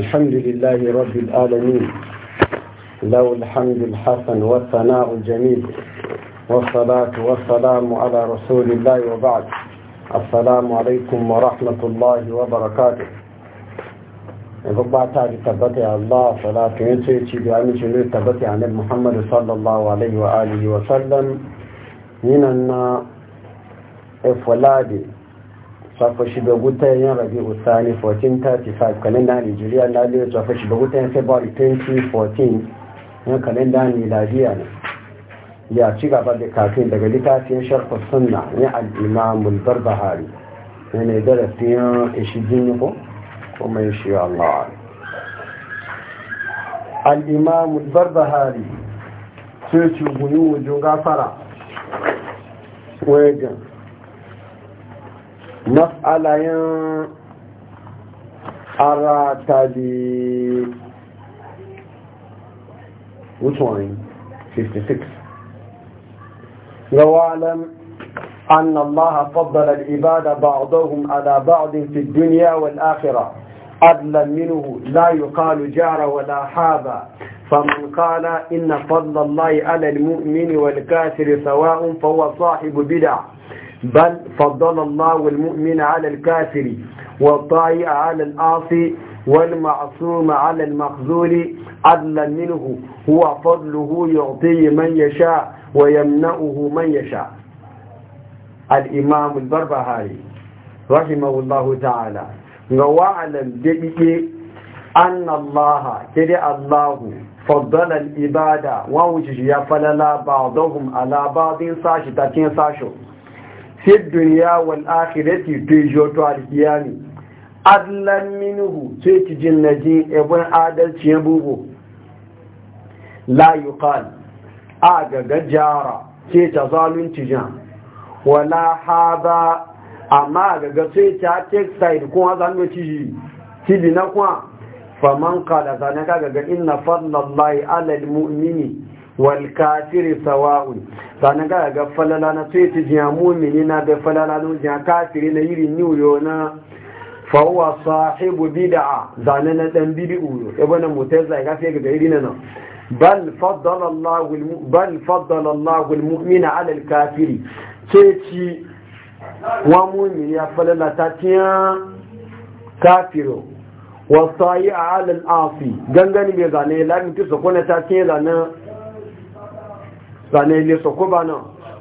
الحمد لله رب العالمين له الحمد الحسن والثناء الجميل والصلاة والسلام على رسول الله وبعد السلام عليكم ورحمة الله وبركاته ربما تعالي الله صلاة ينسيتي بأمي جميل تبتع عن محمد صلى الله عليه وآله وسلم من أن إفلادي safa shi gutan yan rabi usani 1435 kalenda nigeria na liyar safa shi gutan gutayen february 2014 yan kalenda miladiya ne ya ci gaba da kafin daga littafin sharfa sunna ne al'imamul barbahari ne ne darasin jini ko kuma shi Allah al'imamul barbahari sai ci guyi wujin gafara wajen mas'alayen ara tali which one 56 أعلم أن الله فضل العباد بعضهم على بعض في الدنيا والآخرة أدلا منه لا يقال جار ولا حابا فمن قال إن فضل الله على المؤمن والكافر سواء فهو صاحب بدع بل فضل الله المؤمن على الكافر والطائع على العاصي والمعصوم على المخذول عدلا منه هو فضله يعطيه من يشاء ويمنعه من يشاء الإمام البربهاري رحمه الله تعالى وعلم ذلك أن الله كده الله فضل العبادة ووجه يفلل بعضهم على بعض ساشتاكين ساشو fi duniya wal akhirati to jo to alkiyami adlan minhu sai ki jin naji ibn adalci ya bugu la yuqal a ga gajara ce ta zalunci jan wala hada. amma ga ga sai ta take side kuma zalunci ji tibi na kuma faman qala zanaka ga inna fadlallahi alal mu'mini walkafiri sawa'un sanan ga ga falala na sai ti jiya mu'mini na ga falala no jiya kafiri na yiri niuyo na fa huwa sahibu bid'a zanan na dan bid'u e bana mutaza ga fi ga irina no bal faddala Allahu bal faddala Allahu almu'mina 'ala alkafiri ceci wa mu'mini ya falala ta tiya kafiro wa sayi'a 'ala al'afi gangani be zanan lamin tisa kona ta tiya zanan zane ile soko bana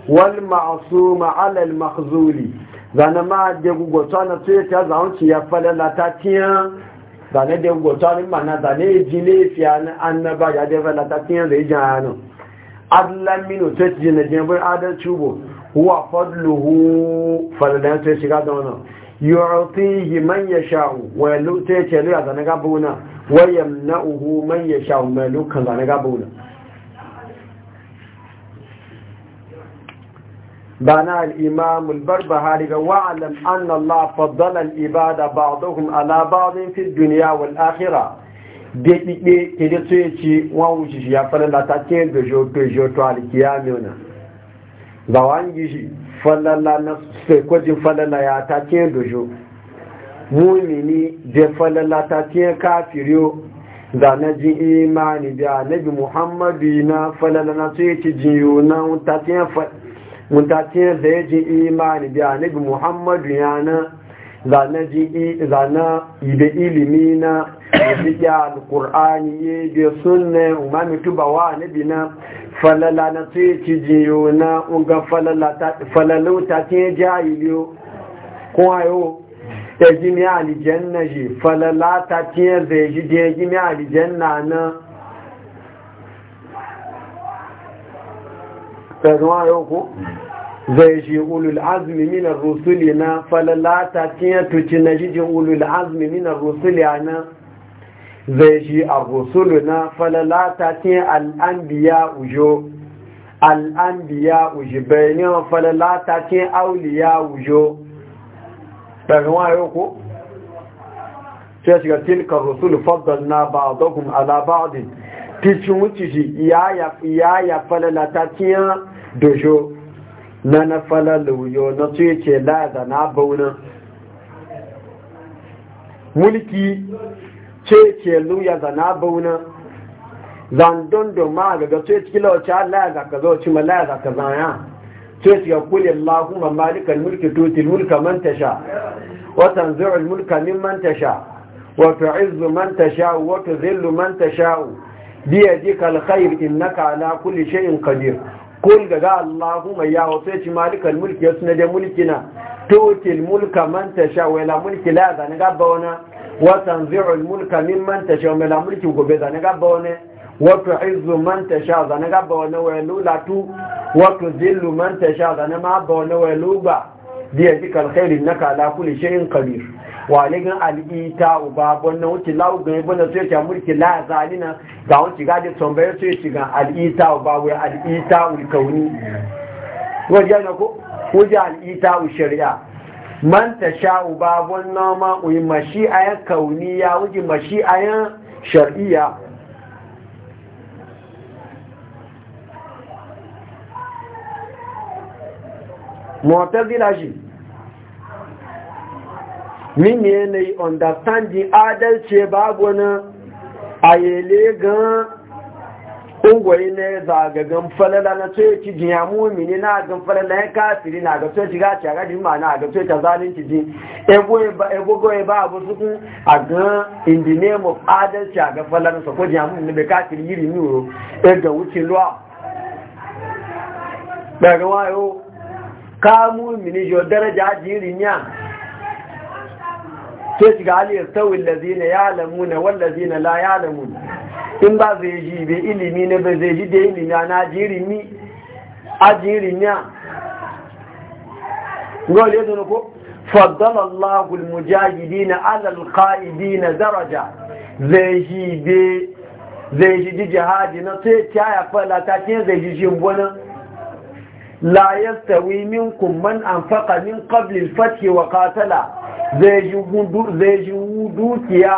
wal ma'suma ala al mahzuli zane ma de gugota na to ya za hunci ya fala la tatia zane de gugota ni mana zane jile fi an annaba ya de fala tatia tiya jano adla minu to jine na je bai adal chubo huwa fadluhu fala to shiga da wannan yu'tihi man yasha'u wa yalute ce lu ya zane gabuna wa yamna'uhu man yasha'u malukan zane gabuna بناء الإمام البربهاري وعلم أن الله فضل الإبادة بعضهم على بعض في الدنيا والآخرة dekike kede tsoye ci wọn wuce shi falala ta ke dojo dojo to alikiya miuna ba wa ngi shi falala na sekwajin falala ya ta ke dojo mumini de falala ta ke kafiriyo da na ji imani da nabi muhammadu na falala na tsoye ci jiyo na ta ke fa mutacin yadda ya ji imani da anabi muhammadu ya na zana ibe ilimi na ya alkur'ani ya bi sunne umami tuba wa anabi na falala na ya ci jiyo na unga falala ta ce jahiliyo ko ayo ya ji mi na ji falala ta ce zai ji ya ji mi na na kazuwa yau ko zai shi ulul azmi minar rusuli na falalata tiyatuci na jijin ulul azmi minar rusuli na zai shi a rusulu na falalata tiyan al'ambiya ujo al'ambiya ujo bayanin falalata tiyan auliya ujo kazuwa yau ko sai shiga tilkar rusulu faddal na ba'adokun ala ba'adin ticin wuce shi ya ya falala ta tiyan dojo na na falala wuyo na tuye ce da na bauna mulki ce ce luya da na bauna zandon ma ga ga tuye cikin lauci la'aza ka zo cima la'aza ka zaya tuye cikin kulin lahuma malikan mulki tutil mulka man tasha watan zuwa mulka mimman man tasha wato tu'izzu man tasha wa zillu man tasha biyadika alkhair innaka ala kulli shay'in qadir kul ga Allahumma ya wasai ci malikal mulki yasna na da mulkina tutil mulka man tasha wa la mulki la zan gaba wana wa tanzi'u mulka mimman tasha wa la mulki gobe zan gaba wana wa tu'izzu man tasha zan gaba wana wa tu wa tuzillu man tasha zan ma ba wana wa luba biyadika alkhair innaka ala kulli shay'in qadir wale gan al'ita uba bonna wuce laugun ya yi bonna sai ta mulki la zalina ga wuce gaje tambayar soya ci ga al'ita uba wai al'ita ul kauni wajen ko wuce al'ita ul shari'a man ta sha uba bonna ma uyi kauni kauniya wuce mashi'ayan shar'iyya mu'tazila shi min yanayi understanding adalci babu na. a yele gan ungwari na ya zagagan falala na coci jiya mumini na gan falala ya kafiri na ga coci gaci a gajin ma na ga coci a zalunci ji egogoye ba abu suku a gan in the name of adalci a ga falala sa ko jiya mumini bai kafiri yiri nuro ya e ga wucin luwa daga wayo ka mumini jo daraja jiri ya. sai shiga aliyar tawil da lazina ya alamu na zina la ya alamu in ba zai ji bai ilimi na ba zai ji da ilimi na jirimi a jirimi a gole ya zana ko faddalallahu almujahidina ala alqaidina daraja zai ji bai zai ji jihadi na sai ta ya fala ta ce zai ji jimbona la yastawi minkum man anfaqa min qabl al-fath wa qatala zai ji zai ji dukiya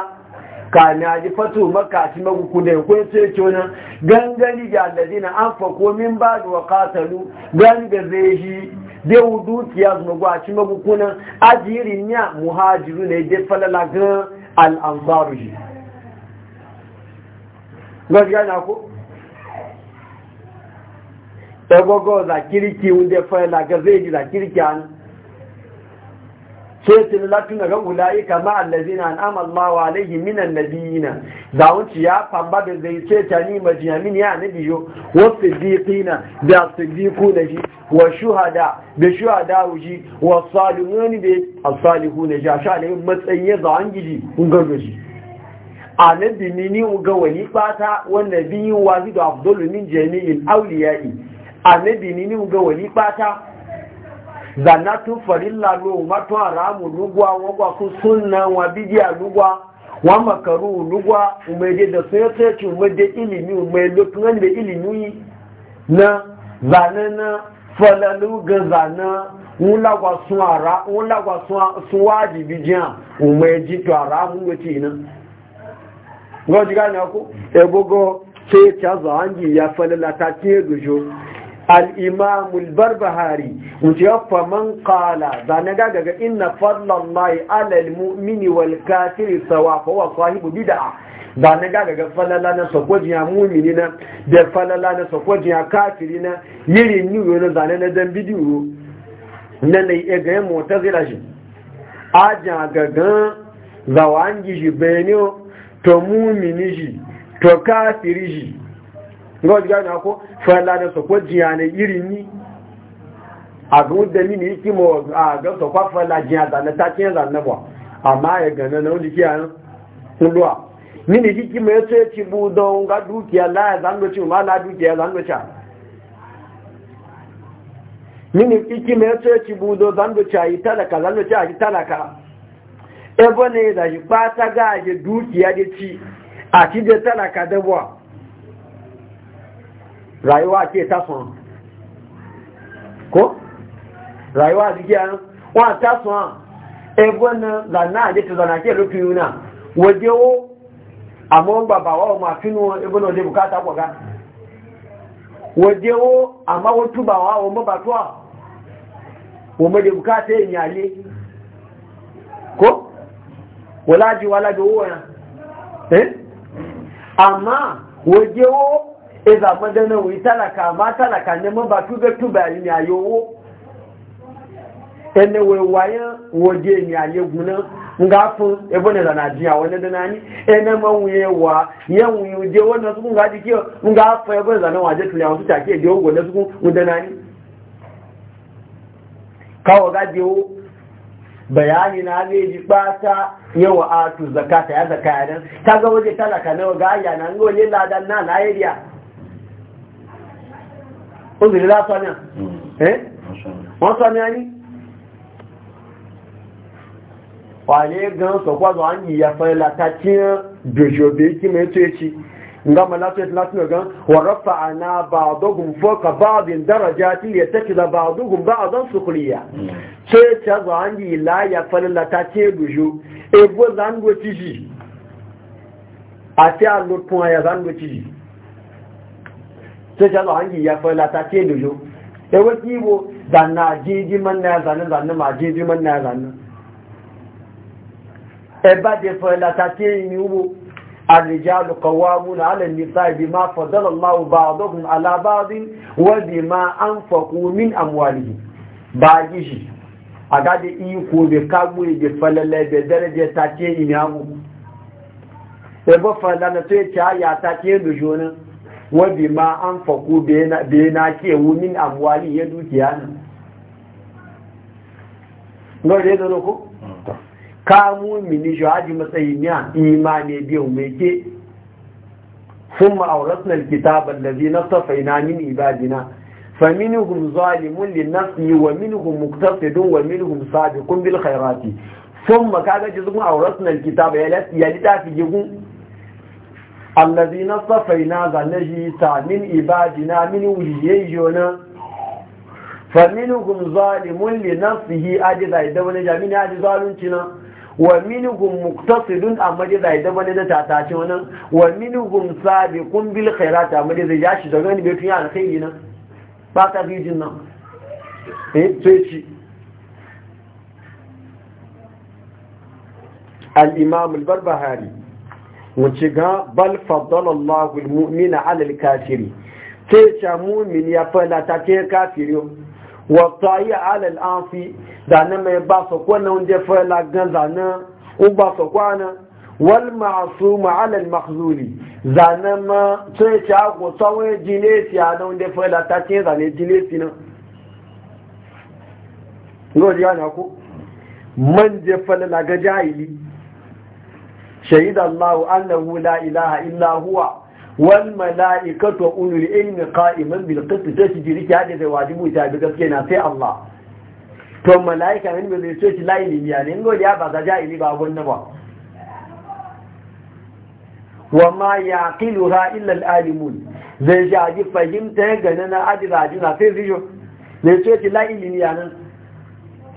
kana ji fatu maka shi maguku da ko sai ce wannan da da an anfaqo min ba da qatalu gani zai ji da dukiya zuwa gwa shi maguku nan ajirin ya muhajiru ne da falala ga al na ko ɗagogo za kirki wunde fayla ga zai ji za kirki an ce ce latin daga ulayi kama allazina an Amalma wa alaihi minan biyina. za wuce ya famba da zai ce ta ni majiyamin ya nabi yo wa siddiqina da siddiqu na ji wa shuhada da shuhada wuji wa salihun bi as-salihun ja sha ne matsayin za an giji kun gargaji annabi ni ni ga wani bata wa nabiyyu wa zidu afdalu min jami'in auliyai annabi ni ni ga kpata pata zanatu farilla lo matu haramu lugwa wagwa ku sunna wa bidiya lugwa wa makaru lugwa umeje da sai sai ci umeje ilimi umeje tunan da ilimi na zanana falalu ga zana wulagwa sun ara wulagwa sun wajibi jiyan umeje to haramu wace na gwaji gani ako egogo sai ta zangi ya falala ta ce gujo al'imamul barbahari wuce من قال kala zane gagaga فضل الله على alal mu'mini سواء فهو صاحب kowa sahibu bida'a zane falala na sakwajiya mumini na da falala na sakwajiya kafiri na yiri niyo na zane na dan bidiyo na na iya gaya mota zira shi an to mumini shi to kafiri shi nga wajiga na ko fala da sokwa jiyane irin ni a ga ni mo a sokwa jiya da ta kiyan zanna ba amma ya e gana na wani kiyan kulwa ni ne mo yace bu don ga la ya e zanno ci ma la cha mo cha cha ebo ne da rayuwa ce ta sun ko rayuwa jike an wa ta sun ebe na zana a jeta zana ke rufi yuna waje o amma ba ba wa ma finu ebe waje bukata kwaga waje o amma wotu bawa wa wa mabatuwa e, wa maje bukata yin yale ko walaji walaji o wani eh amma waje o iza madana wai talaka uh, ma talaka na ma ba tuga tuba ni ayowo ene we waya woje ni aye guna nga fun ebone na dia wona ene ma nwunye wa nwunye wuye uje na su nga dikio nga afọ ebone na waje tuli awon ke de ogo da su ka nani kawo ga diwo bayani na ne ji bata yawa atu zakata ya zakata kaga waje talaka na ga ya na nga onye ladan na na area obìnrin hmm. eh? lásán ní à wọ́n sọ ní a ní wàlẹ́ gan sọ̀pọ̀dọ̀ an yìí yàfẹ́ tí ó bí kí mẹ́ tó ẹ̀kí nga mana sai latin gan wa rafa'ana ba'dhum fawqa ba'din darajati yattakhidha ba'dhum sukhriya ta zangi la ya falata ce dujo e bo zango tiji a ta lutun ya sai ta zuwa hangi ya fai lata ce da jo ya wasu ibo da na man na ya zanen ma jiji man na ya zanen eba da fai lata ce yi ubo الرجال قوامون على النساء بما فضل الله بعضهم iko be kagu e be falala e daraja ta e ce ina mu falala to ya ya ta ce wabi ma an faku bena ya na ke amwali ya dukiya nan gaba da ya zaro ku? Mm. kamu mini shi haji matsayi niya imani biyu mai ke sun ma'auratun kitabar da zina ta faina min ibadina faminihun zalimun linnasi wa minihun muktasidun wa minihun sabi kun bil khairati sun ma kagaji zuwa auratun kitabar ya lita fi allazina safaina zanaji ta min ibadina min wuliyayyo fa minhum zalimun li nafsihi ajiza da wani jami'in aji zalunci na wa minhum muqtasidun amma da zai da wani na tatace wannan wa minhum kun bil khairat amma da zai yashi da wani bai tuya alkhairi na ba ta fi jin nan eh sai ci al-imam al-barbahari mu ci ga bal faddalallahu almu'mina 'ala alkafiri ce cha mu'min ya fala ta ce kafiri wa ta'i 'ala al'afi da nan mai ba so ko nan je fala gan da nan u ba so ko na wal ma'sum 'ala almakhzuli da nan ma ce cha go sawe ti a nan je fala ta ce da ne ti na ngo ji ana ku man je fala ga jahili شهد الله أنه لا إله إلا هو والملائكة وأولو العلم قائما بالقسط تشجي لك هذا واجب وتابقة كنا في الله ثم ملائكة من بذلك لا إلم يعني نقول يا بابا جاهلي بابا النبا وما يعقلها إلا الآلمون zai جاجي aji جننا عدي na adira juna sai fijo ne ce ki la ilimi yanan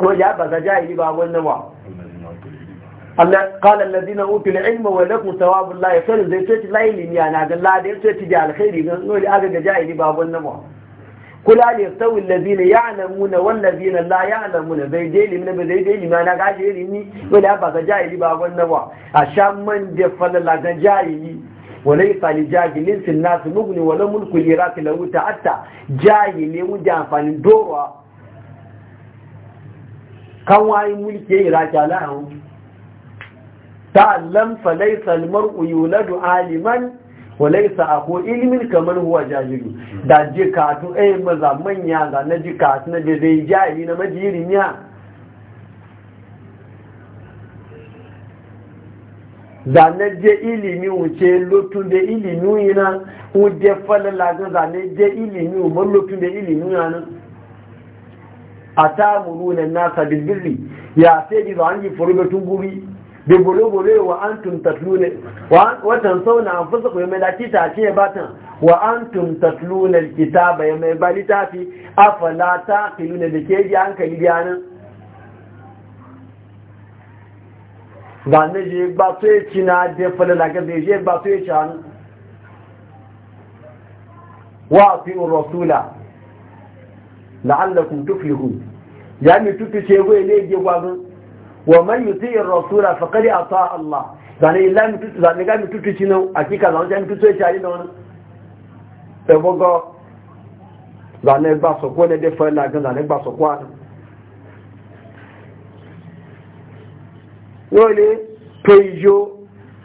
بابا النبا Allah qala alladhina utul ilma wa lakum thawabu Allah fa zai ce ti laili ya na ga la da ce ti ga alkhairi ga no da aga ga jahili babun namu kula li tawil ladina ya'lamuna wal ladina la ya'lamuna bai dai limna bai dai dai limna ga dai limni ko da ba ga jahili babun namu a shamman da falala ga jahili walai fali jahili sin nas mugni wala mulku iraki lahu ta'atta jahili mu da fani dowa kan wayi mulke iraki ala'u ta'allam fa laysa al-mar'u yuladu aliman wa laysa aku ilmin kamar huwa jahilu da je katu eh maza manya ga na ji katu na je zai jahili na majirin ya zane je ilimi wuce lotun da ilimi yana wuje falala ga zane je ilimi umar lotun da ilimi yana a ta muru na nasa bilbirri ya sai ji an ji furu da tunguri bi bulubule wa antum tatluna wa tansawna anfusakum yawma la ce batan wa antum tatluna alkitaba yawma balitafi afala taqiluna da ke ji hankali bayanan ba ne je ba to yi cina da falala ga je ba to yi cana wa fi rasula la'allakum tuflihun ya mi tutu ce goye ne je gwagun wa man yuti rasula a ata Allah zane illa mutu zane ga mutu tuci nan akika zane ga mutu tuci ari da e bogo zane ba so ko ne de fa la ga zane ba so kwa yole pejo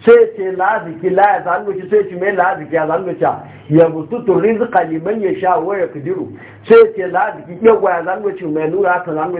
cece laziki la ya zanu ki cece mai laziki ya zanu cha ya bututu rizqa liman yasha wa yaqdiru cece laziki yawa ya zanu ci nura ta zanu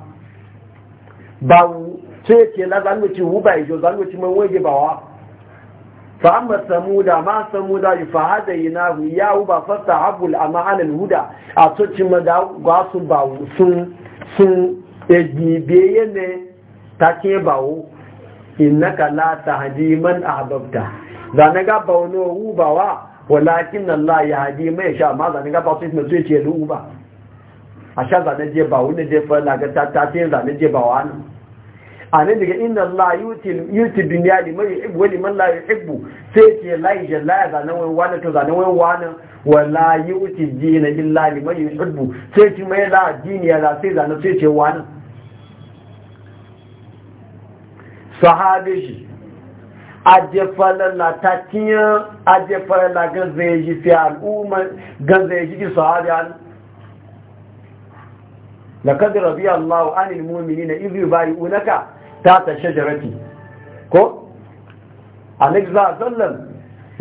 ba sai ya ce la zanwaci wu ba ijo zanwaci man waje ba wa fa amma samuda ma samuda yi fa hada yi na hu ya wu ba fasta habul a ma'anin huda a tocin ma da ga su ba sun sun egbebe ne ta ke ba wu ka la hadi man ahbabta zane ga ba wani wu ba wa walakin la ya hadi mai sha ma zane ga ba su ne zuwa ce lu ba a sha zane je ba wani je fa lagata ta ta ce zane je ba nan. anan daga inna Allah yuti dunya liman yuhibbu wa liman la yuhibbu sai ce layi jalla ya wani wani to zanan wani wani wala yuti dina illa liman yuhibbu sai ce mai la dini za sai zanan sai ce wani sahabe shi ajefala la tatiya ajefala zai ganzeji fi al'umma ganzeji ki sahabe لقد رضي الله عن المؤمنين إذ يبايعونك ta ta shajarati ko alexza sallam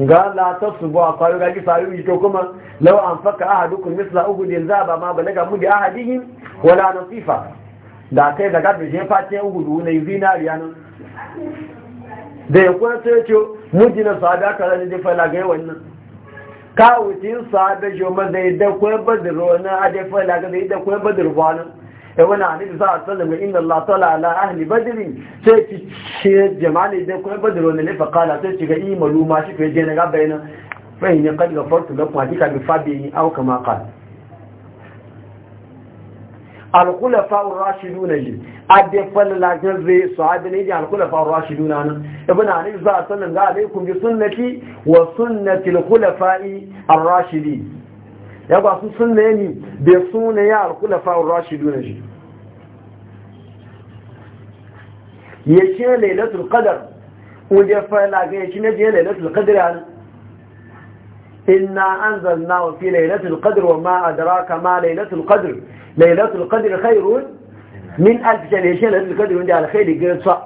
ga la ta subu a faru gaji yi to kuma law an faka ahadukum misla uhudin ba ma balaga mudi ahadihim wala nasifa da kai daga da jefa ta uhudu ne zinariya nan da ya kuma sai ce muji na sada ka zai jefa lagai wannan kawucin sada joma zai da kwaibar da ruwa na a jefa lagai da sai wani hadisi za a tsalla ga inda Allah tsala ala ahli badiri sai ci ce jama'a da kuma badiri wani lafa kala sai ci ga yi maluma shi kai je na gaba yana fahim ya kan gafartu da kuma jika bi fabi yi auka maka alkula fa'un rashidu na ji adde fallalajen zai su haɗe ne ji alkula fa'un rashidu na nan ibi na hadisi za a tsalla ga alaikun bi sunnati wa sunnati alkula fa'i al ya ba su sunne ne bai sunne ya alkula fa'un rashidu na ji يشين ليلة القدر ليلة القدر يعني. إنا أنزلناه في ليلة القدر وما أدراك ما ليلة القدر ليلة القدر خير من ألف شان ليلة القدر وانت على خير يتصع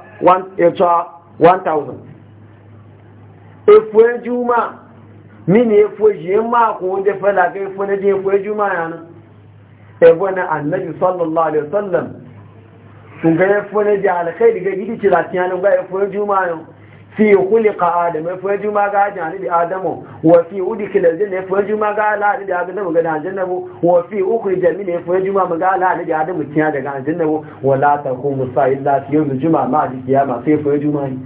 وانت عوضا إفوه جوما من إفوه جيما أقول جفا لك إفوه جيما يعني إفوه النبي صلى الله عليه وسلم nga ya fone da alkhairi daga gidi ci latiya yanin ga yafi wani juma yau fi ka adam yafi wani juma ga jani da adamu wa fi udkhila aljanna yafi wani juma ga la da adamu ga nabu wa fi jami ne yafi wani juma ga la da adamu tiya daga nabu wa la musa sa illa fi yawm juma ma di kiyama sai wani juma yi.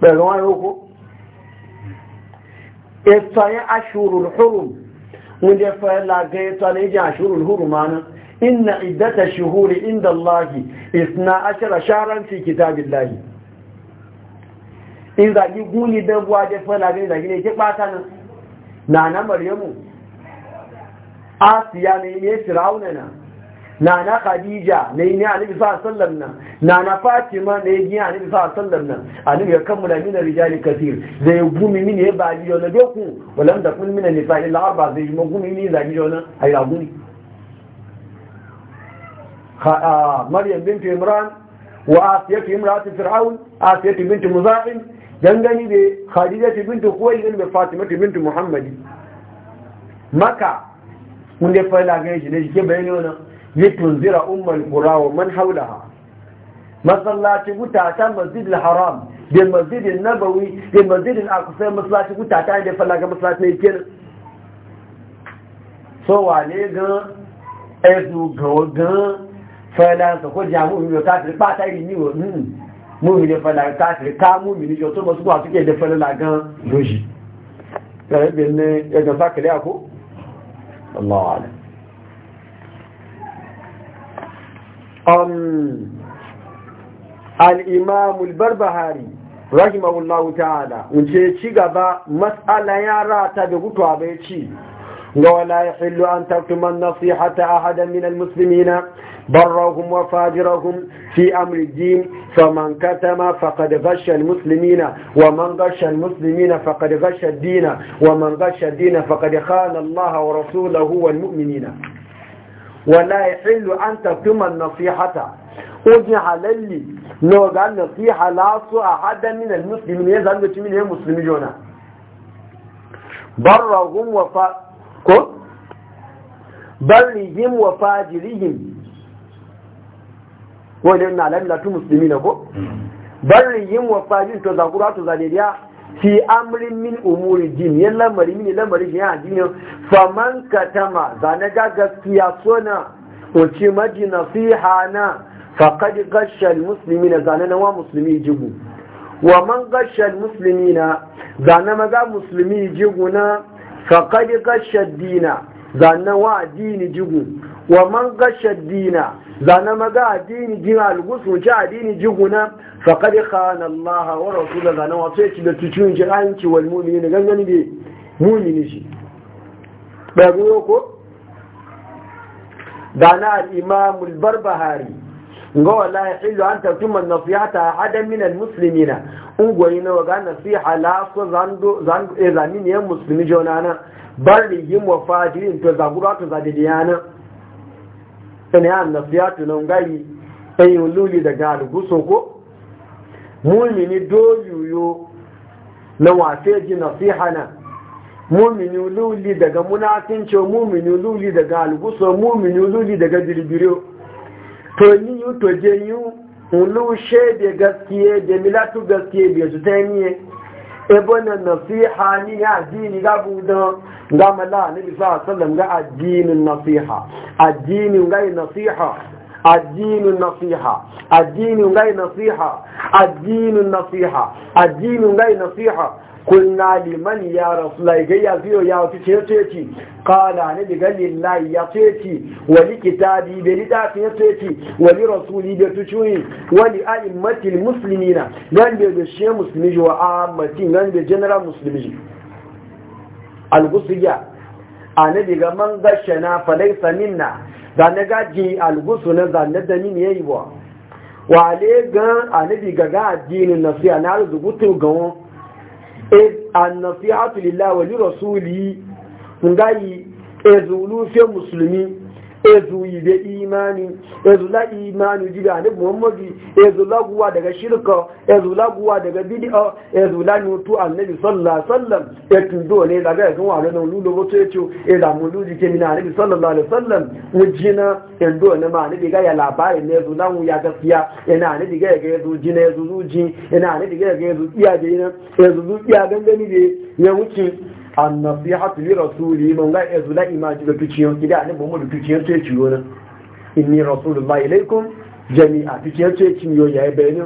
daga wani ko esta ya ashurul hurum mun da fa la ga esta ne ja hurum hurumana inna iddata shuhuri inda Allahi isna ashara sharan fi kitabillahi in zagi guni dan buwa da fana gani zagi ne ke bata nan na na maryamu asiya ne ne firauna na na na khadija ne ne annabi sallallahu sallam na na na fatima ne ne annabi sallallahu sallam na annabi ya kammala da rijali kathir zai gumi min ya ba biyo na doku walam da kun min nisa illa arba zai gumi min zagi jona a gumi maryam bintu imran wa asiyatu imratu fir'aun asiyatu bintu muza'im dangane da khadijatu bintu khuwaylid da fatimatu bintu muhammadi maka mun da fara ga shi ne shi ke bayani wannan litunzira ummul qura wa man hawlaha masallaci gutata masjidil haram da masjidin nabawi da masjidin akusai masallaci gutata da fara ga masallaci ne kenan so wane gan ezu gan fẹ́lẹ́nsọ̀ kó jẹ́ àwọn òmìnira káàkiri pátá ìrìn ní òun mú òmìnira fẹ́lẹ́ káàkiri ká mú òmìnira tó mọ́ súnmọ́ àtúkẹ́ ìdẹ́ fẹ́lẹ́ lágán lóṣì ẹgbẹ̀ ní ẹgbẹ̀ sákìrí àkó ọlọ́ọ̀lẹ̀ al'imamu barbahari rahimahullahu ta'ala wuce ci gaba matsala yara ta da gutu abai ci ولا يحل أن تكتم النصيحة أحدا من المسلمين برهم وفاجرهم في أمر الدين فمن كتم فقد غش المسلمين ومن غش المسلمين فقد غش الدين ومن غش الدين فقد خان الله ورسوله والمؤمنين ولا يحل أن تكتم النصيحة ojin halalli na waga nasiha لا a أحدا من المسلمين يزال ya المسلمين برهم وفاجرهم ko barrihim wa fajirihim ko ne na tu musulmi na ko barrihim wa fajirihim to zakura to zaliriya fi amrin min umuri din yan lamari min lamari shi ya dinin faman katama ne ga gaskiya sona wace maji nasiha na faqad ghashsha almuslimina zana na wa muslimi jigu wa man ghashsha almuslimina zana maza muslimi jigu na faƙaɗi gashar dina zanen wa addini jigu wa man gashar dina zanen maga addini jina algusu addini jigu na faƙaɗi khana Allah wa rasula zanen wasu ya ci da tucin shi ranci wal mumini ne gangan bi mumini shi ɗaru yau ko? Dana al-imamul barbahari ga wala ya illu an tartuma nasihata hadan min almuslimina ungoyi no waga nasiha la so zando zango e zani ne muslimi jonana bari yim wa fajirin to zagura to zadidiyana sai an nasihatu nan gai sai e luli daga alguso ko mumini yo na wafe ji nasiha na mumini luli daga munafinci mumini luli daga alguso mumini luli daga birbiro to ni yu to je yu ulu gaskiye da milatu gaskiye da su ta yi ebo na nasiha ni ya addini ga buda ga mala ni bi sa sallam ga addinin nasiha addinin ga nasiha addinin nasiha addinin ga nasiha addinin nasiha addinin ga nasiha kunna liman ya rasulai gayya fiyo ya wuce ce ce kala ne daga lillahi ya ce wani kitabi da lita ya ce wani rasuli da tucuyi wani a'immatil musulmi na nan da shi musulmi wa ammatin nan da general musulmi algusiya a ne daga man gashe na falaisa minna zane gaji algusu na zane da min yayi ba wale gan a ne daga ga addinin nasiya na arzugutu gawon Eh, annasihatu lillahi wa li rasuli ngai ezulu fi muslimi ezu ibe imani ezu la imani ji ga nabi muhammadu ezu la guwa daga shirka ezu la guwa daga bid'a ezu la nutu annabi sallallahu alaihi wasallam e tundo ne daga yanzu wa nan lulu wato yace e da mu lulu ke mina annabi sallallahu alaihi wasallam mujina endo ne ma ne ga ya labari ne ezu la ya gaskiya ina e annabi ga ga ezu jina ezu zuji ina e annabi ga ga ezu iya je ina ezu zuji ya gangani ne ya wuce an li rasuli mun ga ezula imaji da tuciyo kida ne bomo da tuciyo sai ciyo na inni rasulullahi alaikum jami'a tuciyo sai ciyo yayi bayani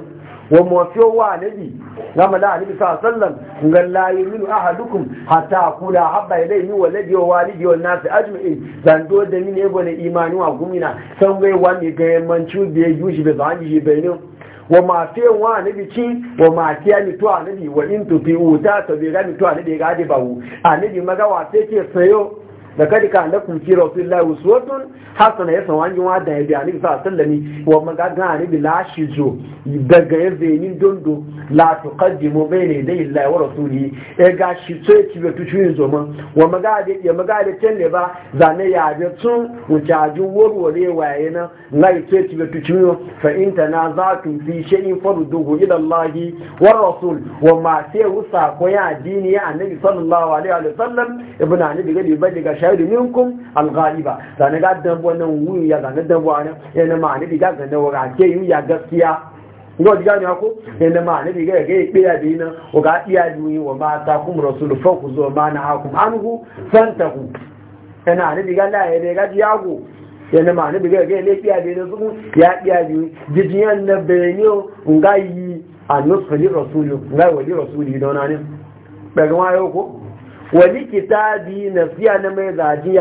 wa mafiyo wa nabi gama da alibi sa sallam ga la yuminu ahadukum hatta kula habba ilayhi wa ladi wa walidi wa nas ajma'in dan do da ni ne ne imani wa gumina san gai wani ga manchu biye yushi be zanji be wa ma fi wa ne biki wa ma ki ani to wa in tu uta to bi ga ni to ani ga de bawu ani bi maga wa ke sayo da kadi ka da kun kira fi wasu uswatun hasana ya san wani da ya biya ni sa ni wa magaga ni bi lashi jo daga ya zenin dondo la tuqaddimu bayna dai Allah wa yi e ga shi ya ci shi zo zoma wa da ya da can ne ba zane ya ga tun wucaji warware waye na to ya ci shi tuci fa in tanazatu fi shay'in farduhu ila Allah wa rasul wa ma sai wusa ko ya dini ya annabi sallallahu alaihi wa sallam ibn ali daga ba daga shahidu minkum al-ghaiba zane ga dambo nan wuyi ya zane dambo nan yana ma ne diga zane wa ke yi ya gaskiya ngo diga ne ko yana ma ne diga ga ke ya bi nan wa ga iya duyi wa ma ta kum rasul fa ku zo ma na hakum anhu santahu yana ne diga la ya diga yago yana ma ne diga ga ne iya bi nan su ya iya duyi jijiyan na benyo ngai anus khali rasul ngai wali rasuli donanin daga ma yau ko wani kitabi na siya na mai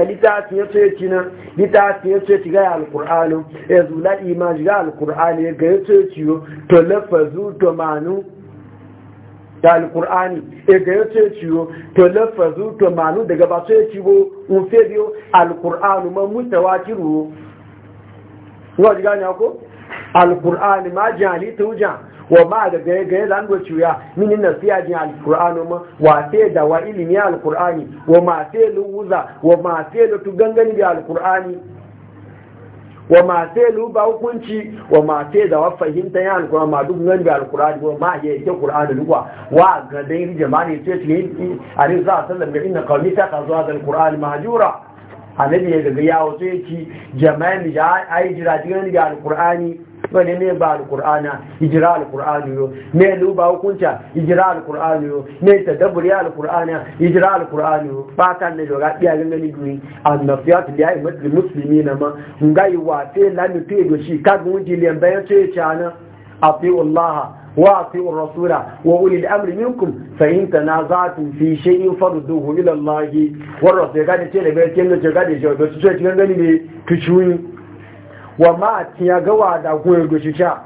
lita su ya soye ci Lita su ya soye ci gaya alkur'anu ya zula iman shiga alkur'anu ya ga ya ci ciyo to lafazu to manu da alkur'ani ya ga ya ci ciyo to lafazu to manu daga ba soye ci bo un fe biyo alkur'anu ma mutawa ci ruwo. Nga ji gani ako? Alkur'ani ma jani ta wujan wa ma da gaya gaya zan go ciya minin na siya jin alqur'anu ma wa sai da wa ilimi alqur'ani wa ma sai luza wa ma sai da tugangani bi alqur'ani wa ma sai lu ba hukunci wa ma sai da wa fahimta ya alqur'ani ma duk ngani bi alqur'ani wa ma ya ke qur'ani duka. wa ga dai jama'a ne sai tuni za sallam ga inna qawmita ka zuwa alqur'ani mahjura annabi ya ga yawo sai ki jama'a ni ja ai jira digan da alqur'ani wani ne ba alkur'ana ijira alkur'ani yo ne luba hukunta ijira alkur'ani yo ne ya alkur'ana ijira alkur'ani yo ba kan ne joga biya gangani duni annafiyat li ay musulmi muslimina ma ngai wa te lanu te do shi ka gun ji le bayan ce ya chana afi wallaha wa afi rasula wa ulil amri minkum na za tanaza'tum fi shi shay'in farduhu ila allahi wa rasul ga ce da bayan ce ga da joga su ce gangani ne tushuni wa ma a tiya gawa da kuma gushi sha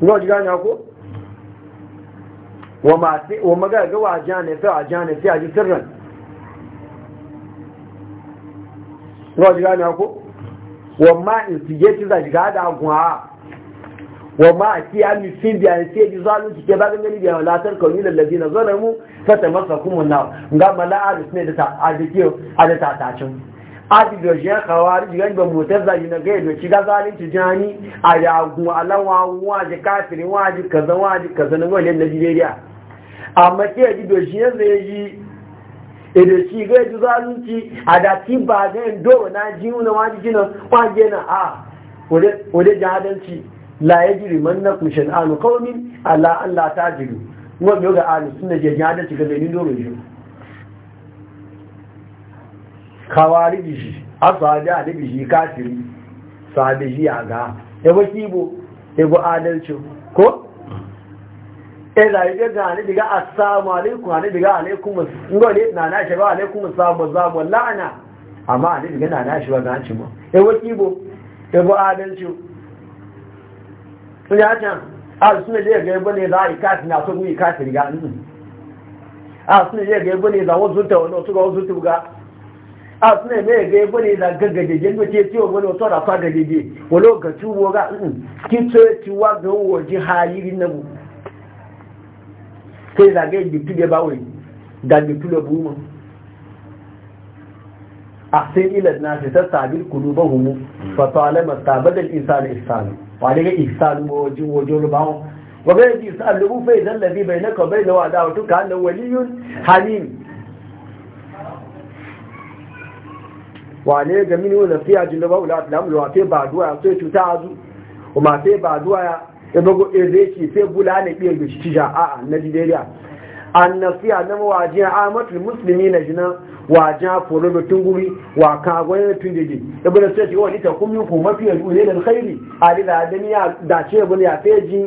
yau jiga ne ko wa maga gawa a ne, sai a jane sai a ji sirran yau jiga ne ko wa ma in siye ti za jiga da kuma wa ma a tiya mi fin biya ne sai ji ki ke bagan gani biya ka kauni lallazi na zonar mu fata masa kuma na ga mala'a da suna da ta a da ta tacin adidoshin kawari jiran ba motar zaji na gaya doki ga zalunci jani a yagun alawa waje kafirin waje kaza waje kaza na wani na nigeria amma ke yaji doshi ya zai yi edoshi ga yaji zalinci a da ti ba ga yin na ji na waje gina waje na a wadda jadanci la ya jiri man na kushin anu kawomin ala an la ta jiru wani yau ga alu suna jadanci ga zai ni doro jiru kawari da shi a sahabi kafiri sahabi a ga ebo kibo ebo adalci ko ila eh, ga ne diga assalamu alaikum ne diga alaikum ngole na na shi alaikum assalamu la'ana amma diga na na shi ga ci mu ebo kibo ebo adalci ya a suna je ga ebo ne za na so mu yi kafiri ga a suna je ga ebo ne za ga a suna mai ga yabo ne da gaggajejen da ke ciwo wani wato rafa gaggaje wani ga mm, ciwo ga kito ya ciwa ga waje haliri na bu sai da ga yi tuɗe ba wai da yi tuɗe bu mu a sai ilar na ta sabir kulu ba humu fa ta tabadal isan ihsanu wa daga isan ihsanu waje waje rubawo wa ga yi ihsanu fa idan ladhi bainaka wa bainahu adawatu ka annahu waliyyun hamim wane ga mini wani fiya jin da ba wula da mu wafe ba duwa sai cuta azu o ma sai ba duwaya ya bago e zai ci sai bula na biye ga shi ja a a na Nigeria an nasiya na wajen matul Musulmi na jina wajen foro da tunguri wa kagwai da ya ibn sai ce wani ta kuma fiye da ne da alkhairi a da da ya dace bane ya feji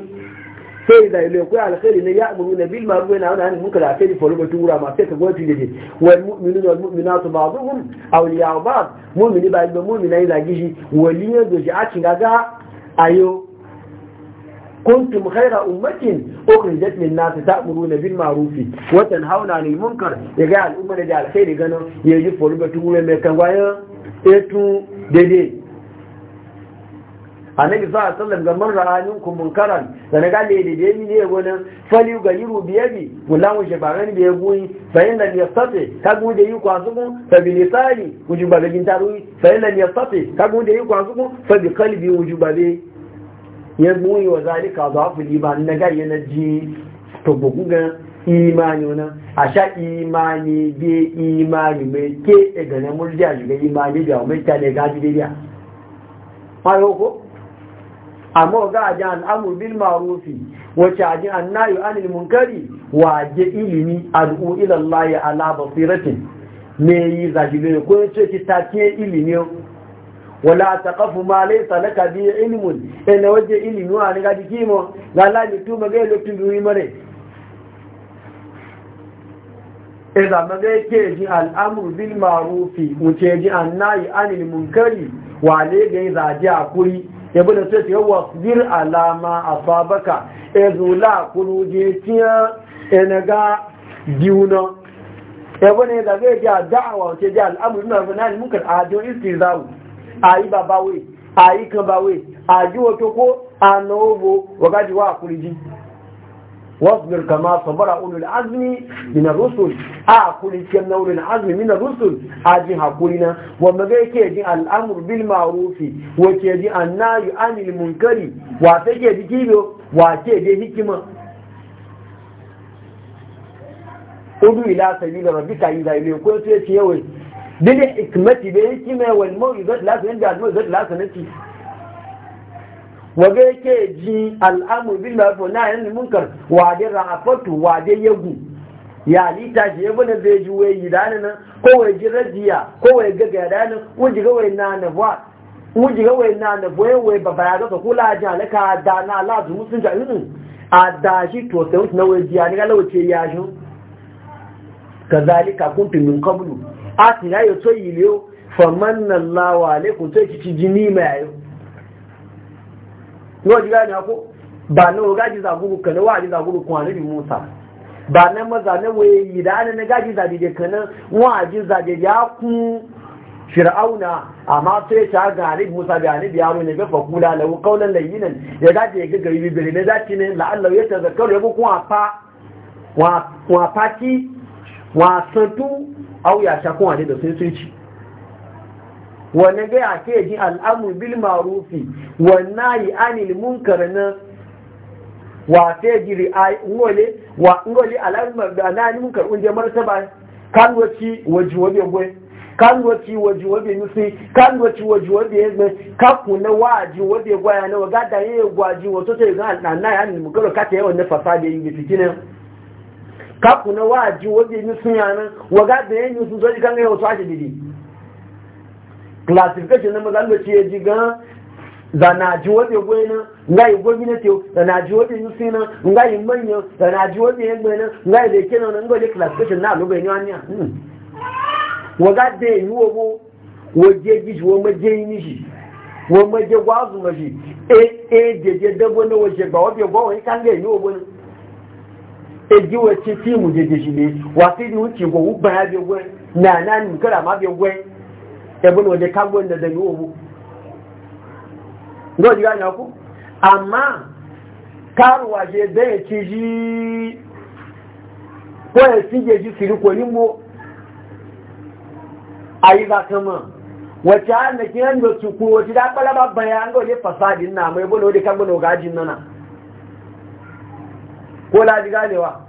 sai da ile ko alkhairi ne ya'muru na bil ma'ruf wa yanhauna 'anil munkar alkhairi fa rubu tura ma sai ka gwati dede wal mu'minuna wal mu'minatu ba'dhum awliya'u ba'd mu'mini ba da mu'mina ila gishi waliye do ji a cin gaga ayo كنتم خير أمة أخرجت للناس تأمرون بالمعروف وتنهون عن da يجعل الأمة gano خير يجعل يجب فلوبة تقول ميكا ويا etu ديدي annabi sa sallam ga man ra'anin ku munkaran da na gale da da ni ne gonan fali ga yiru biyabi mulan je baran biye gui fa inna yastati ka gu da yi ku azuku fa bi lisani wujuba ga gin tarui fa ya yastati ka gu da yi ku azuku fa bi qalbi wujuba be ya gui wa zalika dhafu iman na ga yana ji to bugu ga imani wana a sha imani be imani mai ke e ga na murja ga imani ga mai ta ne ga bi biya ma yoko amma ga an al'amur bil marufi wace an nayu anil munkari je ilimi al'u ya ala basiratin me yi zagibe ko ce ki take ilimi wala taqafu ma laysa laka bi ilmun ina e waje ilimi wa ga ga kimo ga la ni tuma ga lo tundu mare idan e ma ga ke ji al'amur bil marufi wuce ji annayu anil munkari le ga zaji kuri. ya bude sai ce yawa bir alama a fabaka ya e zula kunu je tiya ya e na ga diuna da zai ja da'awa wace ja al'amuri na rana ne muka adiyo istizawu a yi babawai a yi kan bawai a ji wato ko a na wa gaji wa kuriji واصبر كما صبر أولو العزم من الرسل أعقل كم أولو العزم من الرسل اجي هقولنا وما يجي الامر بالمعروف وكيجي النهي عن المنكر وفيجي بكيبه وكيجي هكما أدو الى سبيل ربك إذا إليه كنت يتيوي حكمتي بهكما والموعظة لا تنجع الموعظة لا تنجع waga ke ji al'amur bil ma'ruf na yanzu munkar wade rafatu wade yagu ya lita shi yabo na zai ji wayi dana nan ko wai ji radiya ko wai gaga dana wuji ga wai na na ba wuji ga wai na na ya wai baba ya ga kula ji alaka da na Allah musu musun ja yin a da shi to sai na wai ji ni ga lawace ya shi ka kazalika kuntum min qablu a ya yi to yile famanna lawa wa kun sai ki ji ni mai ayo yau ji gane ko ba na gaji zaguru kana wa ji zaguru kuma nabi musa ba na maza na waye yi da ana na gaji zabi da kana wa'adi ji ya ku fir'auna amma sai ta ga nabi musa da biya yaro ne ga fakula na qawlan layinan ya gaji ya gaga yi bibiri ne zaki ne la'allau ya tazakkaru ya ku kuma fa wa wa fati wa santu au ya sha kuma da sun sai ci wani ga ya ke jin al'amur bil marufi wannan yi anil munkar na wa ta jiri a ngole wa ngole al'amur da na yi munkar unje martaba kan wace waje wabe gwe kan wace waje wabe nufi kan waje wabe na waji wabe gwaya na waga da gwaji wato ta al'anna ya ni ka yawan na yi da na wabe nufi yana waga da nufi kan wato bidi classification na mazalba ce ya ji gan zanaji wadda ya gwena nga yi gwamnati yau zanaji wadda yi sina nga yi manya zanaji wadda ya gwena nga yi zai kenan nga yi classification na alubai ne wani hmm. waga da yi wo waje gishi wa maje yi nishi wa maje gwazu mashi e e jeje dabo na waje ba wabe ba wani kan ga yi wo ne e ji wace timu jeje shi ne wasu yi wuce ko ubaya bai gwen na na ni kara ma bai gwen ebon waje kagbon da zai obu ga wajen gani ku amma waje je zai ci ji ko ya sige ji firi ko limbo a yi za kama wacce an da kiran da su ko wacce da kwalaba bayan ga waje fasadin na mai bane wajen kagbon gaji nana ko laji ganewa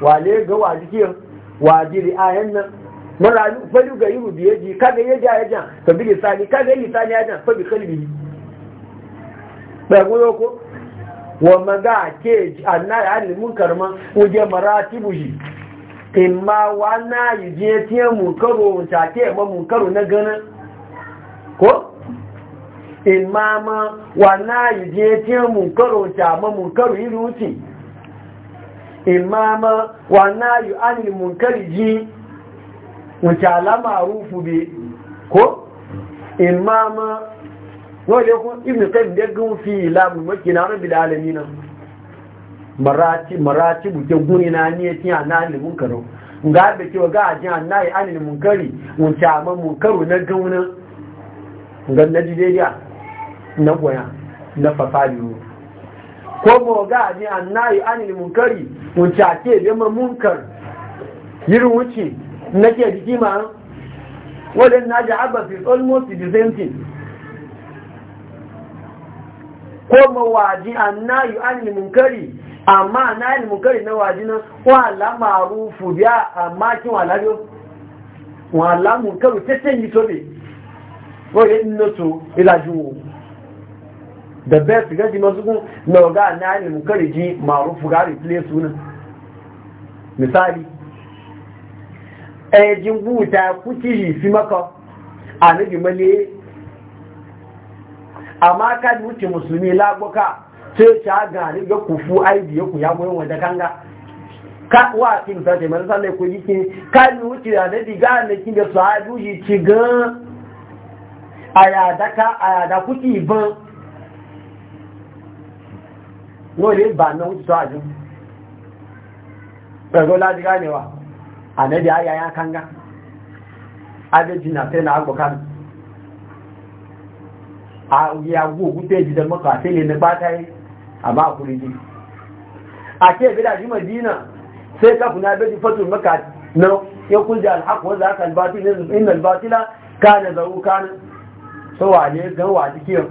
wale ga wajikiyar wajiri ayan nan mara fali ga yiwu biye ji kaga ya ja ya ja fa bi lisani kaga yi lisani ya ja fa bi qalbi ba goyo ko wa maga ke anna ya ni munkar ma uje maratibu ji imma wana yije tie mu karo ta ke ma mu karo na gana ko imma ma wana yije tie mu karo ta ma mu karo yi ruti imma ma wana yu anil munkari ji wuce alama rufu be ko imama wale ko ibn qayyim da gun fi lamu makina rabbil alamin marati marati buke guni na ni ti ana ni mun karo ga da ke ga ajin anai anil munkari wuce amma mun karo na gauna ga na jidediya na goya na fafaliyo ko mo ga ajin anai kari mun ta ke mun kar yirin wuce nake jiki ma wadda na ji abbas is almost the same thing ko mawaji anna yi anil munkari amma na anil munkari na waji nan wala marufu biya amma kin wala yo wala kari tete yi tobe wadda ina so ilaju da best gaji masu kun na waga na anil munkari ji marufu ga replace sunan misali Ejin mbu daa kuti yi sime a na-eji Amma ka ibi wute musulmi la gbɔ ka, ture cha kufu a ya bɔ ewu ndekaa nga. Ka o waati n'otore na ndị mmadụ sọ na ka ibi wute da na-eji ga na na eji nge sọ ha nu yi tii gaã. A ya kuki ban ya ada kuti ba. Na ole ịba na otuto ahụhụ. Ego laa di A annabi aya ya kanga agaji na sai na agbokan a ya gugu peji da maka sai ne na bata yi a ba kuriji a ke gida ji madina sai ka kuna beji fatul maka na ya kulja alhaq wa zaka albatil inna albatila kana zau kana so waje ga wa dike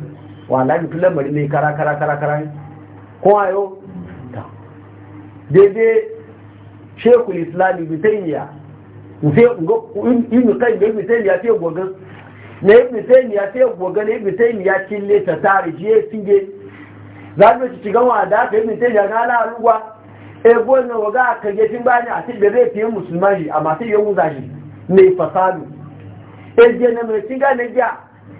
wallahi kullum mari ne kara kara kara kara ko ayo daidai shekul islami bitaniya ibn kai da ibn taymiya sai gogan na ibn taymiya sai na cille ta tare je fige za mu ci cigan wa da ibn taymiya na e e la ruwa e gona waga ka je tin bani a tilbe zai fiye musulmani amma sai yan wuza shi ne fasadu e je na mai tinga ne ja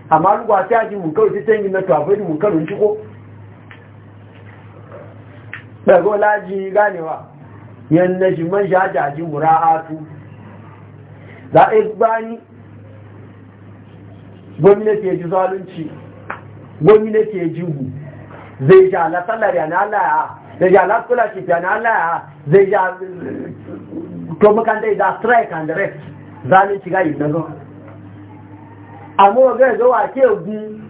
amma ruwa sai a ji mun kawai sai tangi na tafi mun karo shi ko laji ganewa Yan naji man jajaji mura'atu za a gbani gwamnati ya ji zalunci gwamnati ya ji hu zai ja na laya zai na scholarship laya zai ja to da strike and rest zalunci ga yi na amma wa zo a ke gun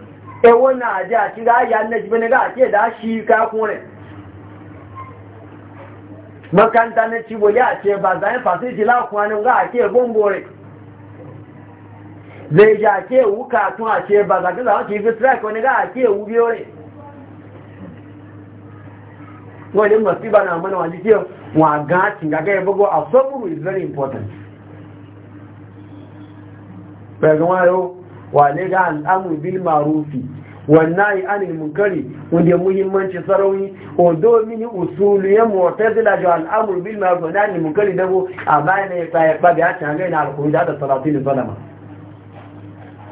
ewu na aji a ci ga yi annaji bane ga a ce da shi makanta na ci ya ce ba zai fasi ji lakwanin ga a ke gombore zai ji ke wuka tun a ce ba zaga zama ki fi strike wani ga a ke wubiyo ne wani masu ba na mana wani ce wa gati ga ga a saburu is very important bai gama yau wa ne ga al'amu bil marufi wannan anil munkari wanda muhimmanci sarauni o domini usulu ya mu'tazila jo al'amur bil ma'ruf wa nahy munkari dabo a bayan ya tsaya ba ga ta ga ina alƙuri da salatin salama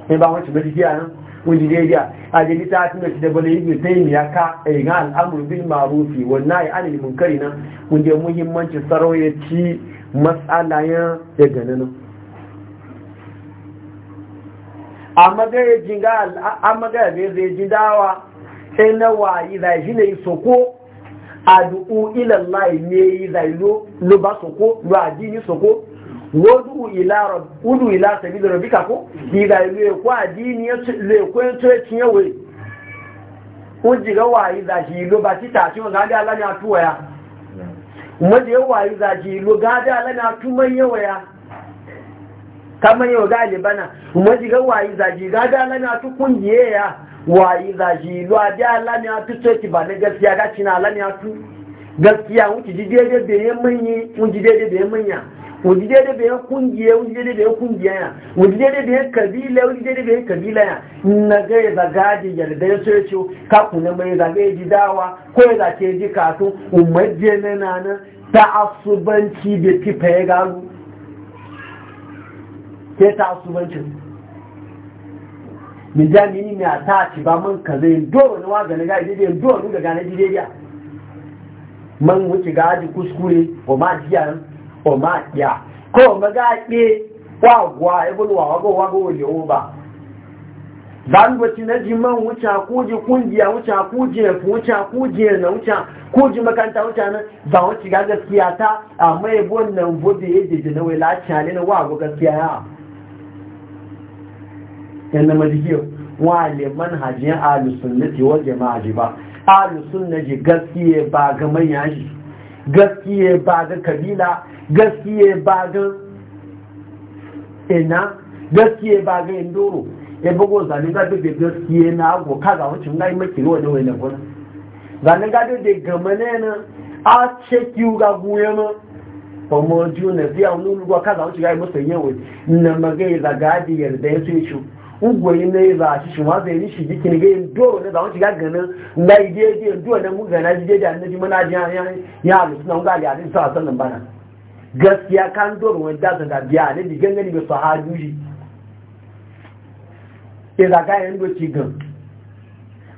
ne ba wacce ba tiya nan kun ji dai a jini ta tun da da bala ibn ya ka ai ga al'amur bil ma'ruf wa nahy anil munkari nan wanda muhimmanci sarauni ci mas'alayan daga nan amma ga ya jinga zai ji dawa sai na wayi zai shi ne soko adu'u ila ne yi da lo ba soko lo adini soko wodu ila rabb udu ila sabil ko yi da lo ko adini le ko to tiye we ko jiga wayi da shi lo ba ti ta shi yawa ya kamar yau gali bana kuma jiga wayi zaji ga da lami a tu kungiye ya wayi zaji luwa abi lami a tu ce ba na gaskiya ga cina lami a tu gaskiya wuce ji daidai da ya manyi wuci daidai da ya manya wuci daidai da ya kungiye wuci daidai da ya kungiya ya wuci daidai da ya kabila wuci daidai da ya kabila ya na ga ya zaga da yarda ya so ya ce ka kuna mai zaga ya ji dawa ko ya zace ya ji kasu umar jenana ta asubanci da kifa ya ke ta asubancin mi ja mini a ta ci ba mun ka zai doro na wa gane gaji dai doro ga gane dai ya man wuce ga aji kuskure o ma diya o ma diya ko ma ga ke wa ya e bulu wa go wa go ba dan go na ji man wuce kuji kungiya wuce kuji wuce kuji na wuce kuji makanta wuce na ba wuce ga gaskiya ta amma e bon nan bobe e je na wai la na wa go gaskiya ya yana majigiyar wale manhajin alusunnati wal jama'a ji ba alusunna ji gaskiye ba ga manya shi gaskiye ba ga kabila gaskiye ba ga ina gaskiye ba ga indoro ya e bugo zanen gado da gaskiye na agwo kaga wacin gai maki ruwa da wani gona gado da gamane na a ga guye ma juna wani kaga wacin gai masa yawon na magai zagadi ya su ugwai ne za shi shi wanda yi shi jikin ga yin doro ne zaman shiga gana na ide je doro ne mun gana jide da annabi mana ji ya alu suna ga ga hadin a sallan bana gaskiya kan doro wani da zanga biya ne di gangani ga shi e za ga yin goci gan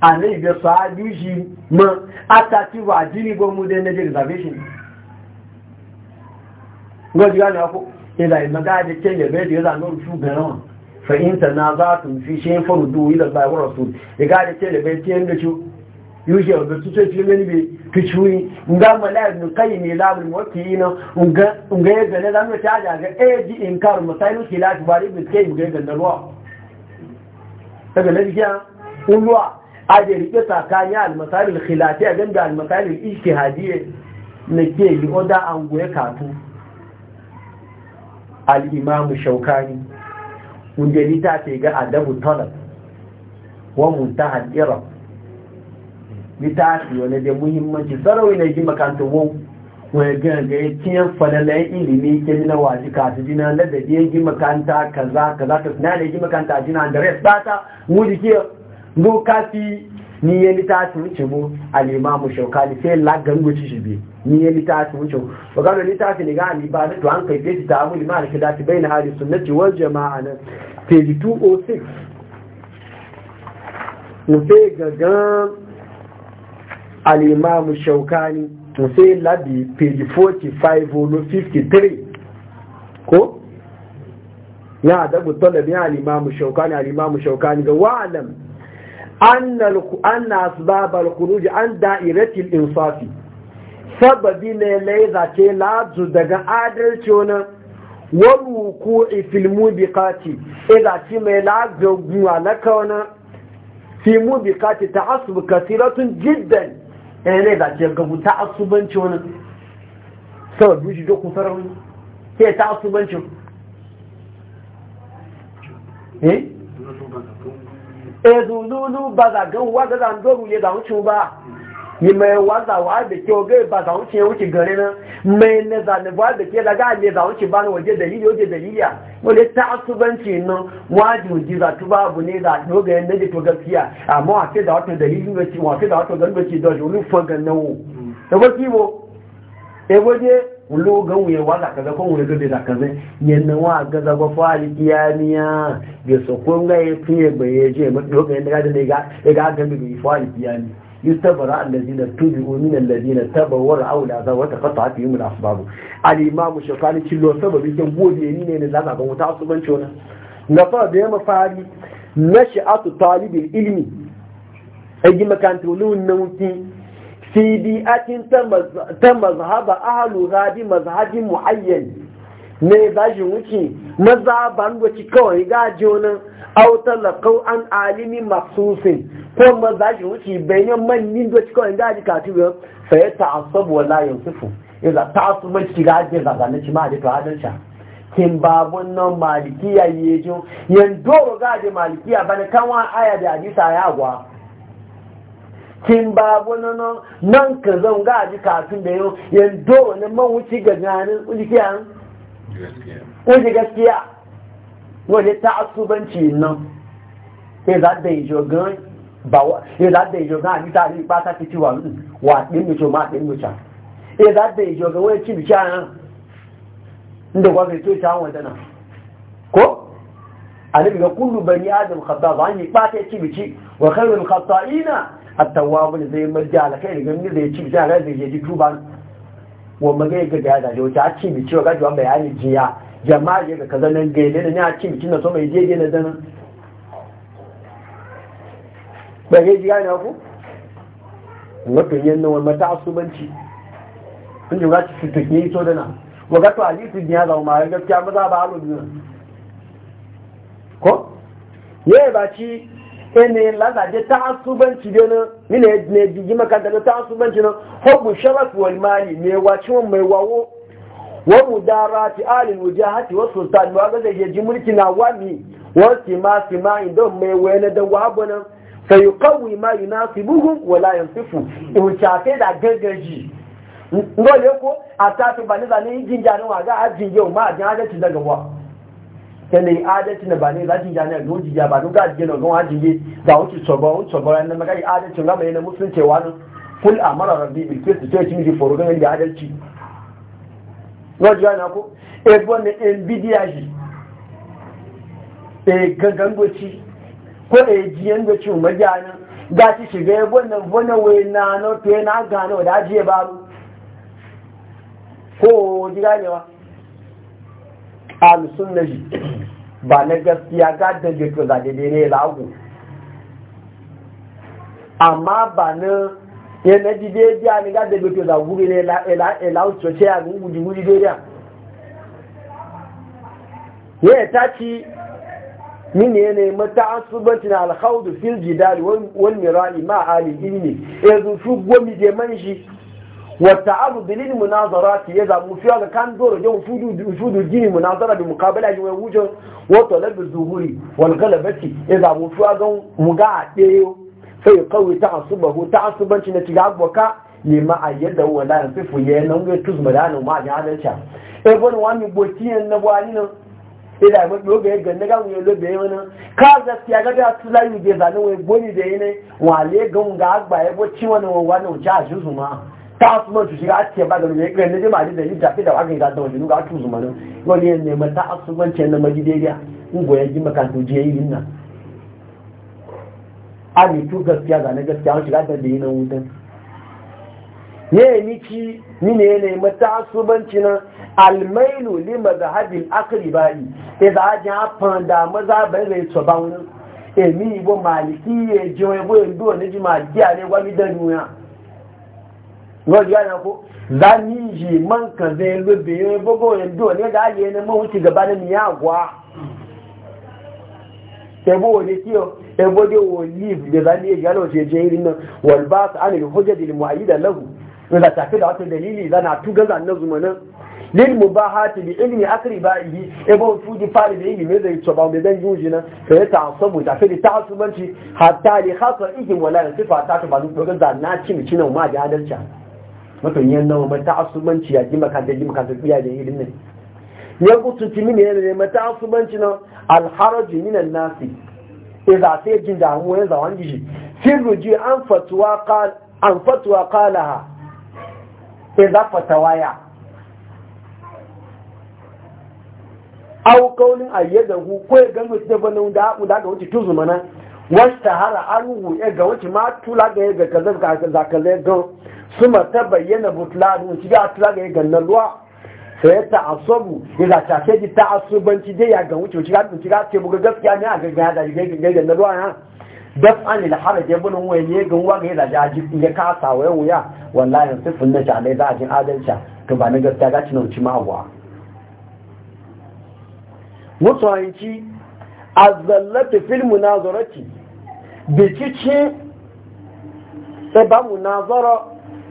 annabi ga sahabu shi ma atati wa jini mu ne reservation ngo ji na da da fa'in ta na za su fi shi faru duhu da zai wura su ya gada ce da bai ce yadda ci yushe wa bisu ce cikin mini bai fi ciwi nga mala ibn kai ne lamun mawaki ina nga ya gane zamu ta da ga E ji in karu misalin khilafi ba ibn kai ga ganda ruwa daga lafiya ruwa a da rike tsakani al-masalil khilafi a ganda al-masalil ijtihadiyya na ke yi oda an goye katu al-imamu shaukani ta ce ga adabu tunnel wa ni ta ce wani da muhimmanci sarawi na ji makanta wau wani ganga ya ciyan falalayen ilimi ke nuna waji kasu jina na da biyan ji makanta kaza kaza ka suna da ji makanta jina da res ba mu jike go kafi ni ya litafi wuce mu alimamu shaukani sai lagan goci shi bi ni ya litafi wuce mu ba gano litafi ne ga aliba na to an kai fesi ta amuli ma alka dafi bai na hari sunnati wal jama'a na page 206 mu gagan alimamu shaukani mu sai labi page 45 volo 53 ko ya adabu talabi alimamu shaukani alimamu shaukani ga wa'alam an anna asbabal kuruji an da'iratil insafi sababi ne laiza ce lazu daga adalci wani wani waruku ifilmu bikati iza ci mai lagaguwa na kawana filmu bikati ta asubu kasiratun jiddan ya ne za ce gabu ta asubanci wani sababi shi dokun sarari ke ta asubanci eh? ezululu ba za gan waga za ndo ruye za wucin ba yi mai waza wa da ke oge ba za wucin ya wuce gari na mai ne za ne ba da ke daga ne za wuce ba na waje dalili waje ya wale ta asubanci na wajin ji za tuba abu ne za doga yan nage to gaskiya amma wa ce da wato dalilin gaci wa ce da wata gan gaci da julu fa gan nawo da ba kibo e waje kulo ga wuye wa zaka ga kon wuye da kaza zai yanna wa ga da ba fa ali kiyaniya ga so kon ga ya fiye ba ya je ba doka yanda ga da ga ga ga bi fa ali kiyani yustabara allazina tubu min allazina tabawara aw za wa taqata fi min asbab al-imam shafali killo sababi kan gode ni ne za ka ga wata asubanci wannan na fa da ya mafari nashi'atu talibil ilmi ayi makantu lun nawti fi bi'atin ta mazhaba ahalu rabi mazhabin muayyan ne za shi wuce mazhaban wuce kawai gaji wani autalakau an alimi maksusin ko maza shi wuce bayan manyan wuce kawai gaji katu yau sai ta asabu wa layin sufu iza ta asubanci gaji zazanaci ma da ta hadarsa kin babun nan malikiya yejin yanzu ga gaji malikiya bane kanwa aya da hadisa ya gwa kin babu nan nan ka zan ga ji kafin da yau yanzu wani man wuce ga ganin ujikiya uji gaskiya wani ta asubanci nan ya za da yi jogon ba wa sai za da yi jogon abin ta ri ba ta fi wa wa ɗin mutu ma ɗin mutu ya za da yi jogon wani ci bikiya nan inda kwa zai to ta wanda nan ko a daga kullu bani adam khata ba ni ba ta ci bici wa kai khairul khata'ina hatta wa mun zai marja alkhairi ga mun zai ci da ga zai ji tuba wa magai ga da da wata ci bi ciwa ga juwan bayani jiya jama'a ga kaza nan ga ne ne a ci bi na so mai je na dan ba ga ji ga na ku wato yanna wa mata asubanci kun ji ga ci tuke yi da dana wa ga to hadisi ne ya zama ma gaskiya maza ba halu ko ye ba ci ene ta ta'assubanci da na mine ne makanta na ta'assubanci na hubbu sharaf wal mali me wace wan mai wawo wa mudarati alil wujahati wa sultan wa ga je ji mulki na Mi, wa sima sima idan mai wayna da wabuna sai yuqawi ma yunasibuhum wa la yansifu in chafe da gaggaji ko atatu baniza ni jinja no ga ajin yau ma ajin hadaci daga wa kẹlẹ adẹtì ní bani láti ìjà náà ló ń jìjà bàánú káàdì náà lọ́wọ́ àjẹyé gbà ti sọ̀gbọ́ ó sọ̀gbọ́ ẹni mẹ́ka yi adẹtì ńlá mẹ́rin mùsùlùmí na wá nù fún àmàlà rẹ̀ bí ìpèsè tó ti ní ti fòrò gẹ́gẹ́ bí adẹtì. wọ́n jẹ́ àná kó ebó e gangan gochi ko e jiyan gochi umarjana ga ci shiga ebo ne vona wai na no pe na gano da ajiye baro ko ji ganewa alusun na shi ba na gaskiya gadon da to zaɗe ne ne lagu amma ba na yana eh, ji daidai ne gadon da to zagu ne lagu eh, eh, to ce a gudu gudu daidai ya yi ta ci min yanayi mata asubancin alhaudu fil jidali wani ra'ima a alilmi ya zufi gomi je man shi Wata abu والتعرض للمناظرات zamu فيها ga kan جو وجود wufudu الدين munazara بمقابله mukabala yi الظهور والغلبه wato فيها zuhuri مغاده فيقوي ya zamu نتيجه ga muga a sai kawai yadda wala yan fi fuye nan ga tuz madana ma ji hada cha e bon wa mi botiyan na wani nan ida mu do ga ganna ga mu lo be mana ka ga ga da su yu da zanin wai goni da yene wale ga mu ga agba ya bo ci wannan wani ja ju zuma ta su shiga a ce ba da mai ƙirar nijin maji da yi jafi da wakan gata wajen ga tu zuma nan wani yin neman ta asubanci na majidariya ya goyon ji makarantu je yi nan a ne tu gaskiya ga na gaskiya wani shiga da da yi nan wutan ne ni ci ni ne ne mata asubanci nan almailu li mazhabil aqribai idza e ja fanda bai zai tsoba wani emi ibo maliki ye jiwe bo ndo ne ji ma ji are wa mi da duniya wọ́n yá yẹn ko, zani man máa ń kàn bẹ́ẹ̀ lóbìnrin gbogbo ẹ̀dọ́ nígbà ayé ẹni mọ́ òun ti gàba ní a ẹ̀bọ́ òde tí ọ ẹ̀bọ́ dé wò zani yìí yálò ṣe jẹ́ irin náà wọ́n bá a lè hojẹ́ di mọ̀ àyídà lẹ́hùn nígbà tàfé da wata dalili zana tugaza na zuma nan lil mubahati bi ilmi aqribaihi ebo fuji fari da ilmi zai tsoba mai dan juji nan sai ta asabu ta fi ta asubanci hatta li khata ihin wala sifa ta ta ba duk ga zanna ci mi cinan ma da adalci makan yan nawa mata asubanci ya jima kan jima kan tafiya da irin nan ya kutuci mini ne ne mata asubanci na alharaji minan nasi idza sai jin damuwa ya zawan gishi sirru ruji an fatuwa qal an fatuwa qalaha idza fatawaya aw kaunin ayyadahu ko ga mutum da bana da da ga wuce tuzumana wasta hara an wuye ga wace ma tula ga ga kaza ga kaza su ma ta bayyana butlanu shi ga tula ga ga nan ruwa sai ya ta'assabu ya ga ta ce ji ta'assubanci dai ya ga wuce shi ga shi ga ce buga gaskiya ne a ga ga da ga ga ga nan ruwa ha daf an il haraj ya bunun waye ne ga wa ga da jaji ya kasa waye wuya wallahi sifin na ta dai za a jin adalci to ba ni gaskiya ga cinan ci ma wa mutuwanci azzallatu fil munazarati bikici sababu ba mu nazara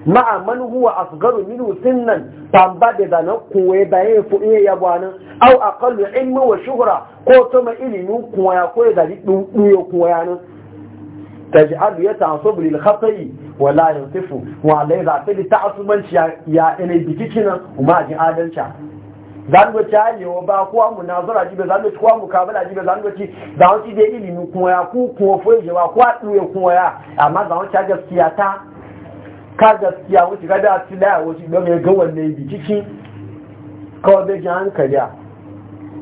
ma'a man huwa asgaru minhu sinnan tamba da zana kuwa bayan fu ya yabo nan au aqallu ilmi wa shuhra ko sama ma ilimi kuwa ya ko da dun duyo kuwa ya nan taj'al yata'asub lil khata'i wa la yansifu wa ta ya'tadi ta'asuban ya ina bikici nan kuma ji adalci zango ta yewa ba kuwa mu na zura jibe zango kuwa mu kabala jibe zango ci da won ci de mu kuma ya ku kuwa fo je wa kuwa duwe kuma ya amma da won ta gaskiya ta ka gaskiya wuce ga da ci da wuce ga me ga wanne bi ciki kawai bai ji hankali a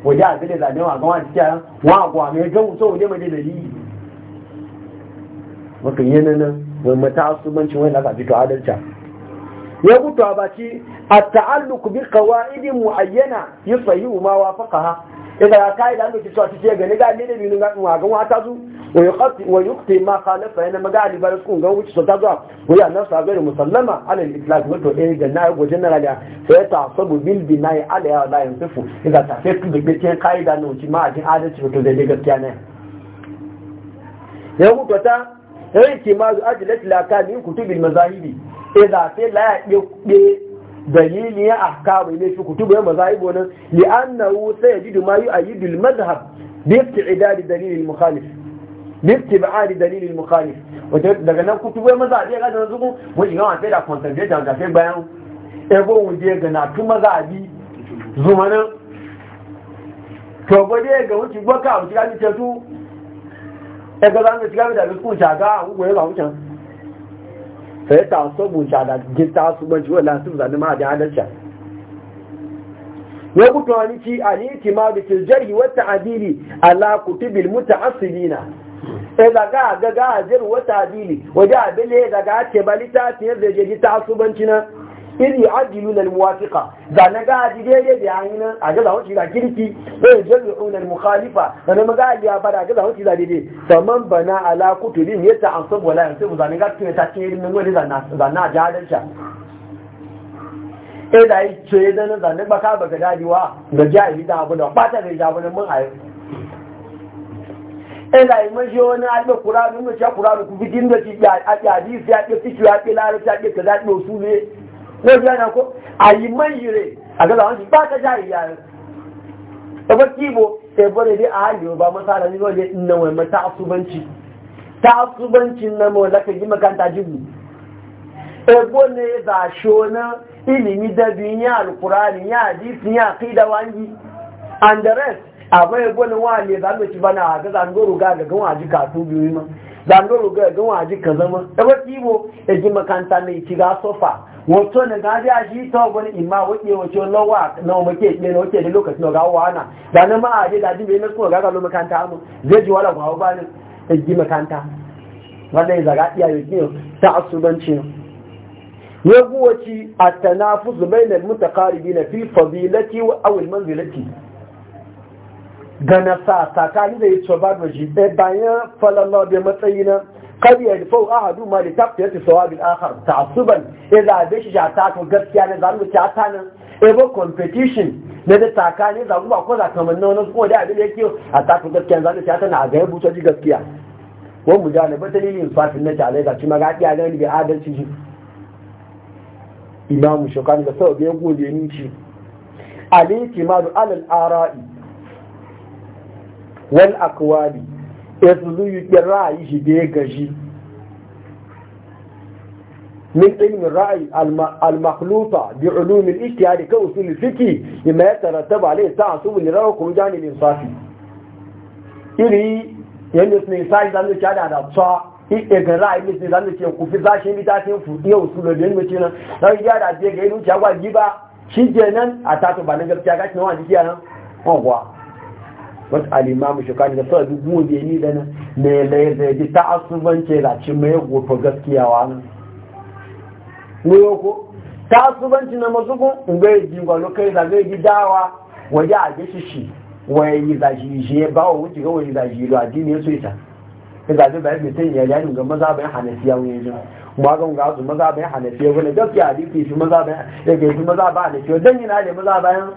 waje a gade zane wa gawa ciki a wa gwa me ga wuce waje mai da dalili maka yi nan wani matasubancin wani lafafi fito adalci ya gutu a baki a ta'alluku bi qawaidin muayyana yusahihu ma wafaqaha idan ka yi da an ci cewa ce gani ga ne da binu ga wa ga wata su wa yuqti wa yuqti ma khalafa yana magali ali bar kun ga wuce sota zuwa wa ya nan sa gari musallama ala al-islam wato eh ga na go general ya sai ta sabu bil binai ala ya la sifu idan ta sai ku ga ce kai da nan ci ma ajin adalci wato da gaskiya ne ya gutu ta sai eh, ki ma ajilati la ni kutubil mazahibi idza sai la ya dalili ya kawai ne shi kutubu ya ibo nan li annahu jidu mayu a bi mukhalif bi mukhalif wato daga nan kutubu ya ga zuku wani yawan sai da concentrate da sai bayan ebo wuje ga na tu bi zumanan to dai ga wuce gwaka wuce ga tu e ga zan ga shiga da biskun shaga a wuce ga sai ta so mu ta da gita su ban ci wala sun zani ma da adalci ya kuto ani ci ani timadu fil jarhi wa ta'dili ala kutubil muta'assilina e ga ga ga jar wa ta'dili waje abele ga ce balita ce da je gita su ban ci na iri ajiyu na muwafiqa za na gaji daidai da yayin nan a gaza hoci da kirki ya jami'u unar mukhalifa da na magaji ya fara gaza hoci da daidai saman bana ala kutubin ya ta amsa bola ya sai na ga tuya ta ce irin nan za na jadarsa eh da yi ce da na zanne baka baka dadiwa da jahili da abu da fata da jabunan mun ayo da yi mashi wani alɓe kuranu mashi kuranu a fitin da shi a ƙyadi su ya ƙi fiki ya ƙi lalata ya ƙi ka zaɓi wasu ne a ko man yi wọ́n jẹ́ ẹ̀nà kó àyìmọ́ ìyèrè àgbẹ̀lẹ̀ àwọn ìgbà kẹjá ìyá rẹ̀ ẹgbẹ́ kí ibo ẹgbẹ́ rẹ̀ dé ààyè ọba mọ́sára nínú ọjọ́ ìnáwọ̀ ẹ̀mọ́ ta asubanci ta asubanci na mọ̀ lákẹ̀ jí makanta jibu ẹgbẹ́ e ne za ṣo na ilimi dabi ya alkurani ya hadisi ya akida wangi and the rest abin ẹgbẹ́ ni wọ́n lè zanu ci bana a ga zangoro ga ga gan waji kasu biyu ma zangoro ga gan ka zama. ma ẹgbẹ́ e kí ibo ẹjí e makanta mai ci ga sofa wato na gaji a shi ta wani imma wuce wato lawa na wake ne na wake da lokacin da gawo wana da na ma a je da jibe na kuma gagalo makanta amu zai ji wala gawo ba ne ta ji makanta wanda ya zaga iya yi kiyo ta asubanci ya guwaci a tanafusu bainal mutakaribi na fi fadilati wa awil manzilati gana sa tsakani da ya ce ba da shi eh, bayan falon lawa matsayi na kar ya fa ahadu ma li taqiya ti sawab Ta akhar ta'assuban idha bashi ja ta to gaskiya ne zan ta ta nan ebo competition na da takani za kuma ko za ka man nono ko da abin yake a ta to gaskiya zan ta ta na ga bu ta ji gaskiya ko mu ja ne batali yin fatin na tale ga kuma ga iya ganin bi adalci shi imamu Shekaru da sau biyan gode ni ci alinki ma du alal ara'i wal akwali ezulu ra'ayi shi da ya gaji min ilmin ra'ayi al-makhluta bi ulumin ijtihadi ka usul fiqi mimma yatarattabu alayhi ta'assub li rawakum janib insafi iri yanda sun sai zan ci da da tsa ike ga ra'ayi ne sai da ci ku fi zashin bi ta tin fu ya usul da yanda ce nan ya da je ga ilu ci agwa ba shi kenan a tato ba na gaskiya gashi nan wani kwa wasu alimamu shukani da sau duk gobe ni da nan ne da ya zai ji ta asubance laci mai gofa gaskiya wa nan ne ko ta asubanci na mazugun ga yi jingwa lokai da zai ji dawa waje a gashi shi waye yi zaji shi ya ba wa wuce ga waye zaji lo addini ya so ita ya zaji bayan mutum ya yanin ga maza bayan hanafiya ya jin kuma ga ga su maza bayan hanafiya wani gaskiya a dike shi maza bayan ya ga maza bayan hanafiya dan yi na da maza bayan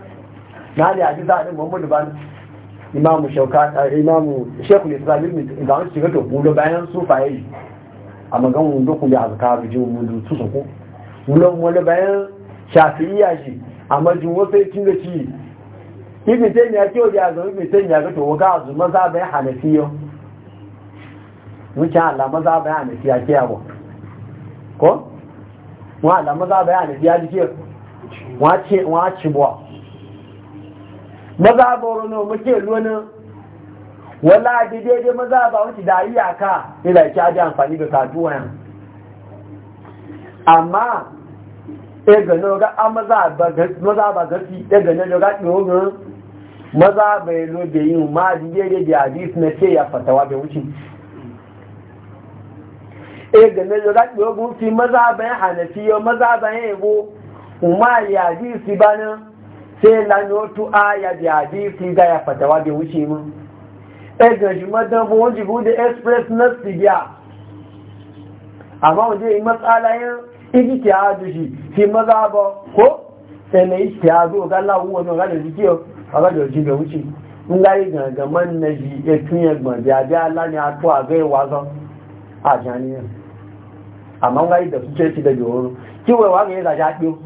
na da hadisa din Muhammadu bani imamu shauka imamu shekul islam ibn da an shiga to kulo bayan su faye a maganin wundo ku ya azka bi jin wundo su su ku wulo wala bayan iya shi a majin wasu tun da ci ibn taymiya ke wajen azan ibn taymiya ga to ga azu maza bayan hanafiyo wuce Allah maza bayan hanafiya ke yawa ko wa Allah maza bayan hanafiya ke wa ce wa ci buwa maza ba wani muke ruwanin wala da daidai maza ba wani da iyaka ila ki aji amfani da katuwa yan amma e ga no ga a maza ba ga maza ba ga fi ga no maza ba lo da yi ma di daidai da hadis na ce ya fatawa da wuce e ga no fi maza ba hanafiyo maza ba yego umma ya hadisi bana sai lanyotu aya da hadisi ga ya fatawa bai wuce mun ɗaga e, bu madan wajen bude express na sibiya amma wajen yi matsala matsalayen iji ta hadu shi fi maza ba ko sai na yi ta hadu ga lawu wani ga da jiki a ga da jiki wuce in ga yi gangaman na ji ya tunye gbọn da abi ala ne a to a ga yi wazan a janiyar amma ga yi da su ce shi da biyu wani kiwai wa ga yi zaja ɗiyo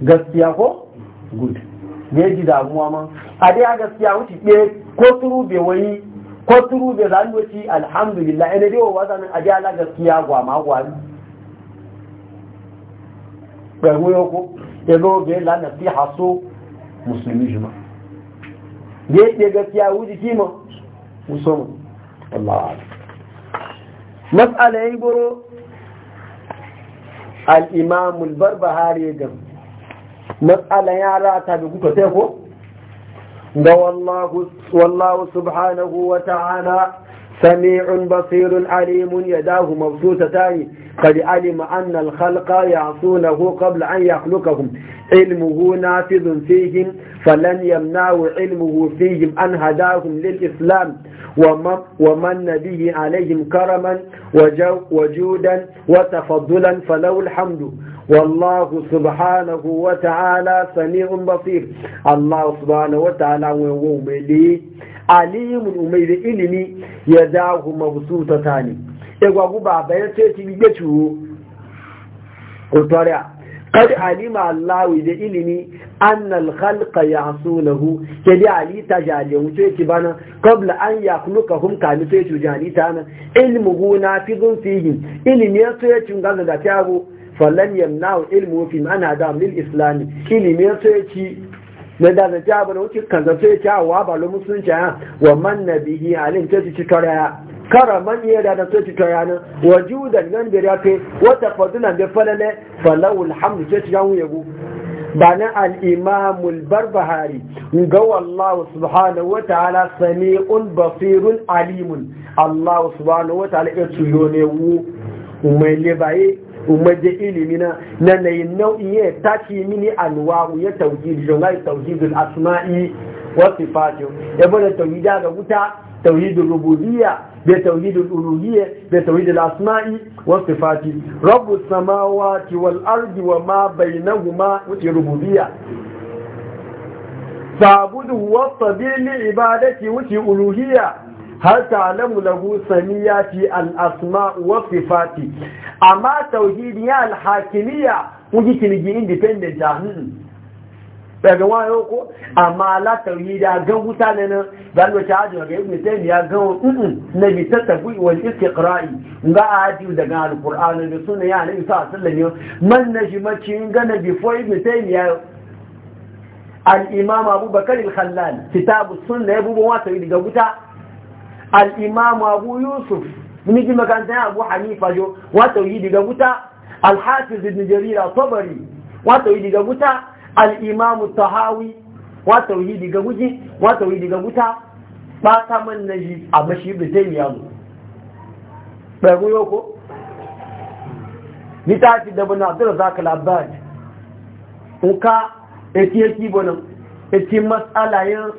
gaskiya ko good me ji damuwa ma a dai gaskiya wuce ɗaya ko turu bai wani ko turu bai zandoci alhamdulillah ina dai wa wazanin a ala gaskiya gwama gwani pẹ̀lú yóò ẹgbẹ́ obìnrin lánàá fi àṣó musulmi jùmọ́ ní ẹgbẹ́ tí a gaskiya wuce mọ́ musulmi ọlọ́wàá masala al-imam al'imamul barbahari Gam. matsalan yara ta bi kuka sai ko ga wallahu subhanahu wa ta'ala sami'un basirun alimun ya dahu mabsuta ta yi kadi alima annal khalqa ya suna ko kabla an yakluka hum ilmuhu nafizun fihim falan yamnawu ilmuhu fihim an hada hadahum lil islam wa manna bihi alaihim karaman wajudan wata tafaddulan falau alhamdu والله سبحانه وتعالى سميع بصير الله سبحانه وتعالى وملي عليم أمير إلمي يداه مبسوطة تاني إغوى بابا يتيتي بيجتو قلت قد علم الله إذا إلمي أن الخلق يعصونه كدي علي تجالي وتيتي بنا قبل أن يخلقهم كان تيتي جاني تانا علمه نافذ فيه إلمي تيتي نغانا تيابو falan yamna ilmu fi ana da lil islami ilimin ya ci na da ta ta bana wuce kan da sai ta wa ba lo musulunci ya wa man nabihi alin ta ci ya kara man iya da da sai ci karaya wajudan nan da yake wata tafadulan da falale falau alhamdu sai ci yawon yego ba na al'imamul barbahari ga wallahu subhanahu wa ta'ala sami'un basirun alimun Allah subhanahu wa ta'ala ya tuyo ne wu mai libaye umaje ilimi na na nayi nau'in ya tashi mini anwa'u ya tauhid jongai tauhidul asma'i wa sifatu ya bada tauhida ga wuta tauhidul rububiyya da tauhidul uluhiyya da tauhidul asma'i wa sifati rabbus samawati wal ardi wa ma bainahuma wa rububiyya فاعبده واصطبر لعبادته وفي ألوهية har ta'lamu lahu samiyati al-asma wa sifati amma tauhidi ya al ji kuji kirgi independent ah daga wayo ko amma la tauhidi ga wuta ne nan dan wace ajo ga ibn taymiya ga mm na bi tatafi wal istiqra'i ga aji daga al-qur'ani da sunna ya nabi sallallahu alaihi wasallam man najmaci ga nabi fo ibn taymiya al-imam abubakar al-khallal kitabu sunna ya bubu wata ga wuta Al'imamu abu yusuf ni ji makanta abu hanifa jo Wata yi diga wuta al-hafiz ibn jarir tabari wa tauhidi ga guta al tahawi wata yi diga wuji? Wata yi diga wuta? ba ta man ji a mashi ibn taymiya mu ba go yoko ni ta ci da bin abdul zakal abbad uka ya bonan masala mas'alayen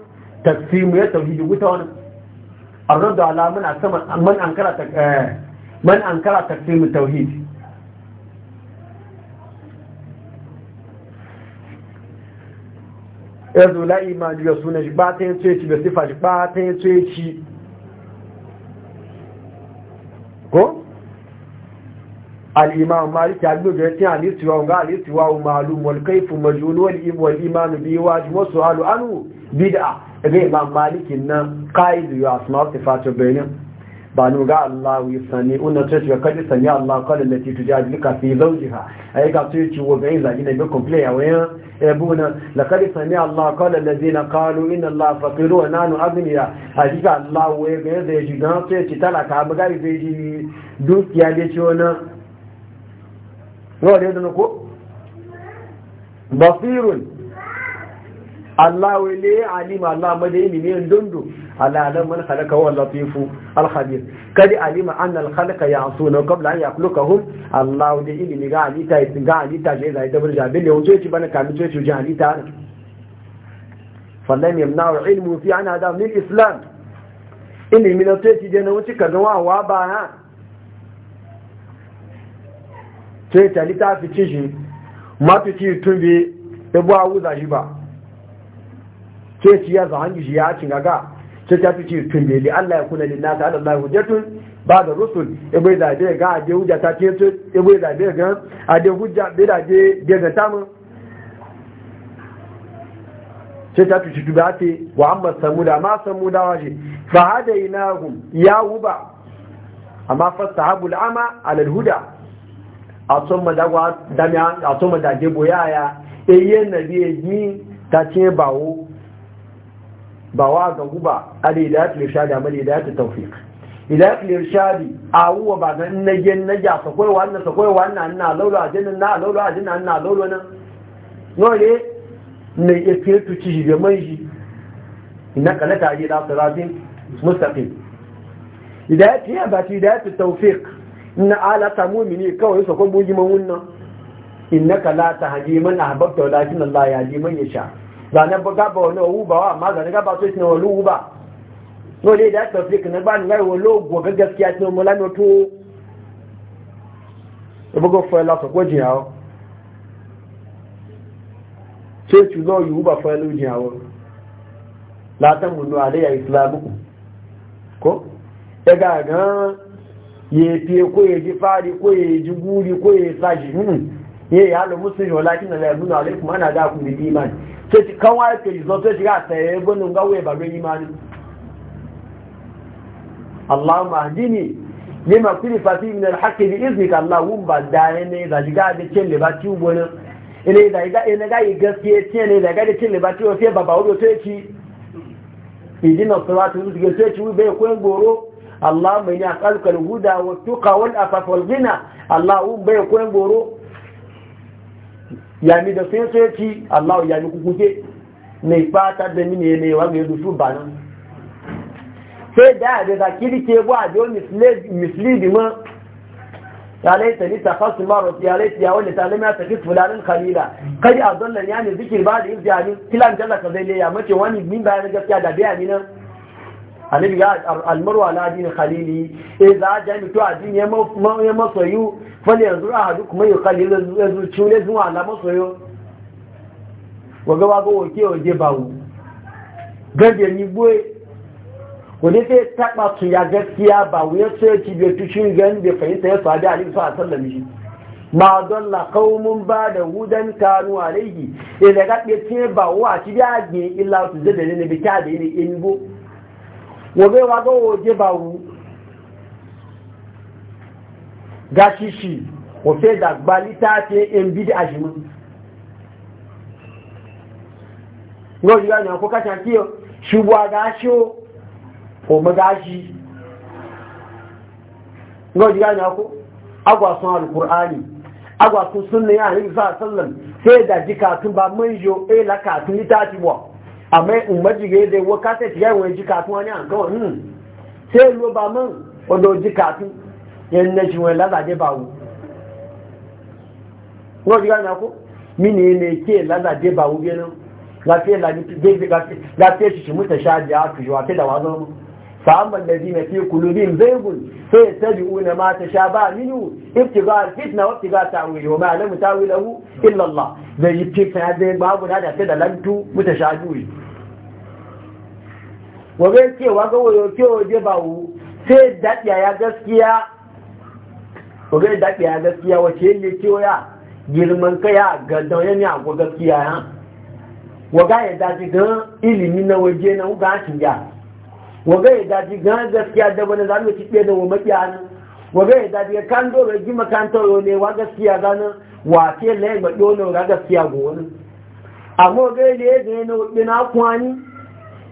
tafsimu ya tauhidi guta wani. الرد على من أنكر من انكر من انكر تقديم التوحيد yanzu la'i ma juya suna shi ba ta yin tsoye bai sifa shi ba ta yin tsoye ci ko? al'imam maliki agbègbè ya tiyan alitiwa ga alitiwa mulkaifu anu bid'a ebe imam malikin nan ka'idu ya asma ta fata benin ba ni ga Allah ya sani unna ta ce kaji sani Allah kala lati ka fi a yi ga su yi ciwo ga yin zagi na bi complain ya wayan yabuna e kaji sani Allah qala allazina qalu inna Allah faqiru wa nanu aghniya ga Allah wa ga da ji su yi ci talaka ba gari zai ji dukiya da ci wannan no da ko basirun Allah ya alima Allah madai ne dundu ala nan man wa latifu al khabir kadi alima anna al khalaqa ya'suna qabla an yakhluqahum Allah da ilimi ga alita ga alita je zai da burja bin yauje ci bana kamin ce ci alita fallan yamna'u ilmu fi an hada min islam na ci je na wa ba ke ci ya hangi shi ya cin gaga ce ta fi ce tumbeli Allah ya kuna na. ta Allah ya tun ba da rusul ya e bai zabe ga a hujja ta ce to ya e bai zabe ga ade hujja bai zabe ga ga tamu ce ta fi tuba ce wa samu da ma wa shi fa hadainahum ya wuba amma fastahabul ama ala a tsoma da wa damiya a tsoma da debo yaya eyen nabi eji ta ce bawo ba wa ga guba al-hidayat irshadi amma al-hidayat tawfiq hidayat irshadi awuwa ba ga na nage sa koi wannan sa koi wannan na laulu jinin na laulu jinin na laulu na no ne ne ya fitu ci ga mai shi a yi da siratin mustaqim hidayat ya ba hidayat tawfiq inna ala ta mumini kawai su kun buji man wannan innaka la tahdi man ahbabta walakin Allah ya ji man yasha zane gaba wani wuba wa amma zane gaba e e so shi wani wuba no ne da fi kana ba ni ngai wani gobe gaskiya ce mu lami to ba go fa la ko jin hawo sai ci yi wuba la ta ale ya islamu ko e ko hmm. ya da ku bi imani tó ti kán wáyé kejì sọ tó ti ká gawaye ba gáwó ìbàgbé yìí máa ní allahumma dini ní ma kúrì fàtí ìmìnà alhaki bí iznik allah wùn ba dáyé ní ìdàjígá àti cin lè bá tí ó gbónú ilé ìdàjígá yìí gaskiya tí ẹni ìdàjígá àti cin lè bá tí ó fẹ́ bàbá orí tó ti ìdínà sọ́wọ́ tó ti gẹ̀ẹ́sẹ̀ tí ó bẹ́ẹ̀ kó ń gbòòrò allahumma ní àkálùkàlù Yami da sun so ci Allah yàmi kukuke mai fata da mini ne wa mai dusu ba nan sai da da zakiri ke bu a jo mislead ma ya laita ni maro ya laita ya wani talami ya tafi fulanin khalila kai a zallan ya ne zikir ba da yin ziyani kilan jalla ka zai ne ya mace wani min bayan gaskiya da bayani nan annabi ya almaru ala din khalili eh za a mi to a ya ma ya masoyu fali yanzu a hadu kuma ya khalilu yanzu chule zuwa ala masoyo waga waga oke oje bawo gaje ni boye ko ne sai taba su ya gaskiya ba wuya ya ci be tushin gan be fahimta ya fada ali sallallahu alaihi wasallam ma dalla qaumun ba da hudan kanu alaihi eh daga be ce ba wa ci da age illa su da ne bi ta da yi ne in bo wọ́n wá gọ́ òjé bá wú gáṣíṣì òfẹ́ dàgbà lítàtí mbd àṣìmọ́ yóò yíra ní àkókò kàtà kí ṣubú agáṣí ó òmùgáṣí yóò yíra ní àkó agwasun alkur'ani agwasun sunna ya hannun sallam sai da jikatun ba mun yo ila e katun litafi wa àmọ́ ìmọ̀jìgé èdè wọ kásẹ̀tì yà ìwọ̀n ìjìká tún wọn ní àǹkan ọ̀hún ṣé ló bá mọ́ ọ̀dọ̀ ìjìká tún yẹn ní ẹṣin wọn ládàdé bá wù wọ́n ti gbàgbà kó mí ní ilé kí ẹ̀ ládàdé bá wù bí ẹ náà láti ẹ̀ láti ẹ̀ ṣìṣì mú tẹ̀ṣáàjì àtùjọ àtẹ̀dàwà lọ́mọ́ فأما الذين في قلوبهم زيغ فيتبعون ما تشابه منه ابتغاء الفتنة وابتغاء تأويله وما لم تأويله إلا الله زي يبتغ في هذا الباب هذا كده لم متشابهين وغير كي وغو يوكي وجبه sai daɗiya ya وغير ƙogai daɗiya ya gaskiya wace yake kewa ya girman kaya ga daunan ya ko gaskiya ya waga ya daji gan ilimin na waje na wuga cikin ya waga ya daji gan gaskiya da wani zamu ci ɗaya da wa makiya nan waga ya daji ga kan dole ji makantar yau ne wa gaskiya ganin wa ce lai ma dole ga gaskiya go wani amma waga ya ne ga yana ɗina kwani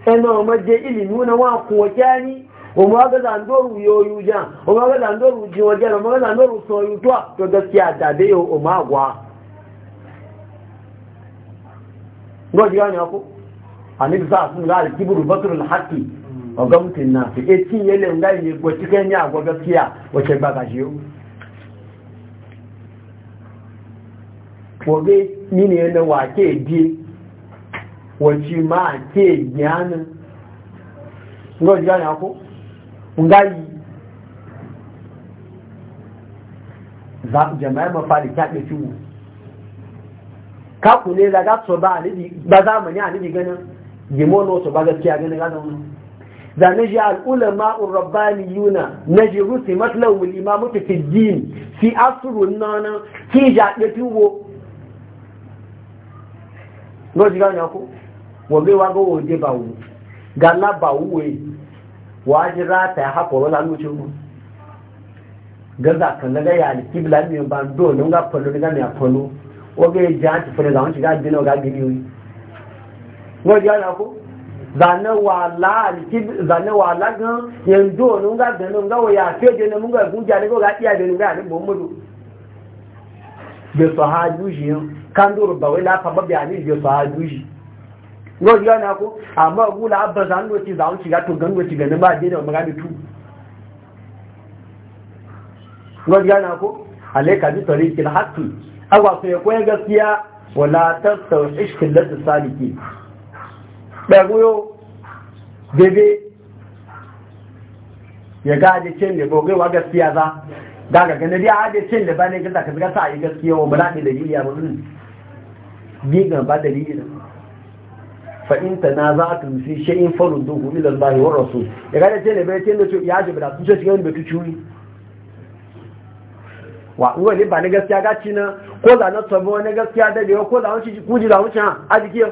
ɗana wa maje ilimi na wa kuwa kyani wa ga zandoru yoyu jan wa ga zandoru jiwa jan wa ga zandoru soyu tuwa to gaskiya da dai yau o ma gwa. Gwaji gani ako? Anil za a sun ga alkiburu baturul haƙƙi ọgọ́mùtì náà fi etí yẹlẹ̀ ńlá ìyẹ gbọ́tíkẹ́ ní àgbọ́gọ́ kí à wọ́ṣẹ́ gbàgàṣẹ́ ó wọ́gbé nínú ẹ̀nà wà kéèdé wọ̀chí máa kéèdé ánú ngọ́jú ánà kó ńgá yìí jama'a mafari ta ɗe fi wù kakù ne daga tsoba a nibi ba zamani a nibi ganin gimo na tsoba gaskiya ganin ganin da na ji al'ulama urabani yuna na ji rusi matlawul ma ta fi din fi asirun nana ki jaɗe tuwo na ba do ga ga o ga ja ti fere wani ga dino ga ga zane wa lagan yanzu wani nga ganin nga wa yafe jini mun ga guja ne ko ga iya jini ga alin muhammadu bai su ha juji yin kan duru ba wai lafa ba ya ne bai su ha juji yau yau na ko amma gula abba za mu ci za mu ga to gan ci ganin ba je da magana tu yau yau na ko alaika bi tariqil haqqi awa sai ko gaskiya wala tasawhish kullu saliki ɗaguyo bebe ya ga adicin da bogai wa gaskiya za daga ganin ya adicin da ba ne ka zika sa a yi gaskiya wa mulaɗi da jiliya ba zun gigan ba da jiliya fa'inta na za ka fi shayin farin duhu ilan bayi wa rasu ya ga adicin da bai ce da ya ji bada sun ce shiga wani bai wa uwa ne ba na gaskiya gaci na ko za na sabo na gaskiya da ko zanen kuji zanen ha a jikin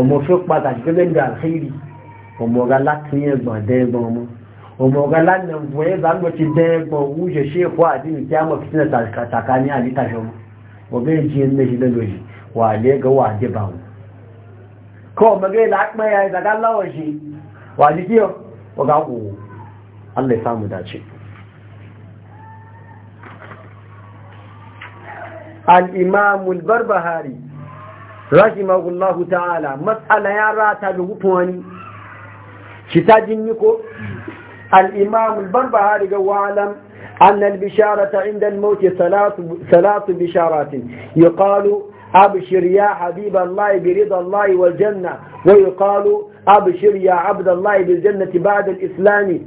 ọmọfẹ́ pàtàkì gẹ́gẹ́ ní àlẹ́rì ọmọọ̀gá láti ẹgbọ̀n dẹ́gbọ̀n mọ́ ọmọọ̀gá láti ẹgbọ̀n ẹgbà ń gbọ́tí dẹ́gbọ̀n wúṣẹ̀ ṣe ya ìdàgá láwọ̀ ṣe wà ní kí ọgá wò ó alẹ́ sáàmù dàchí. al-imam al-barbahari رحمه الله تعالى مسألة يا راتا لغتواني shi ta الإمام al'imam al أن البشارة عند الموت ثلاث بشارات يقال أبشر يا حبيب الله برضا الله والجنة ويقال أبشر يا عبد الله بالجنة بعد الإسلام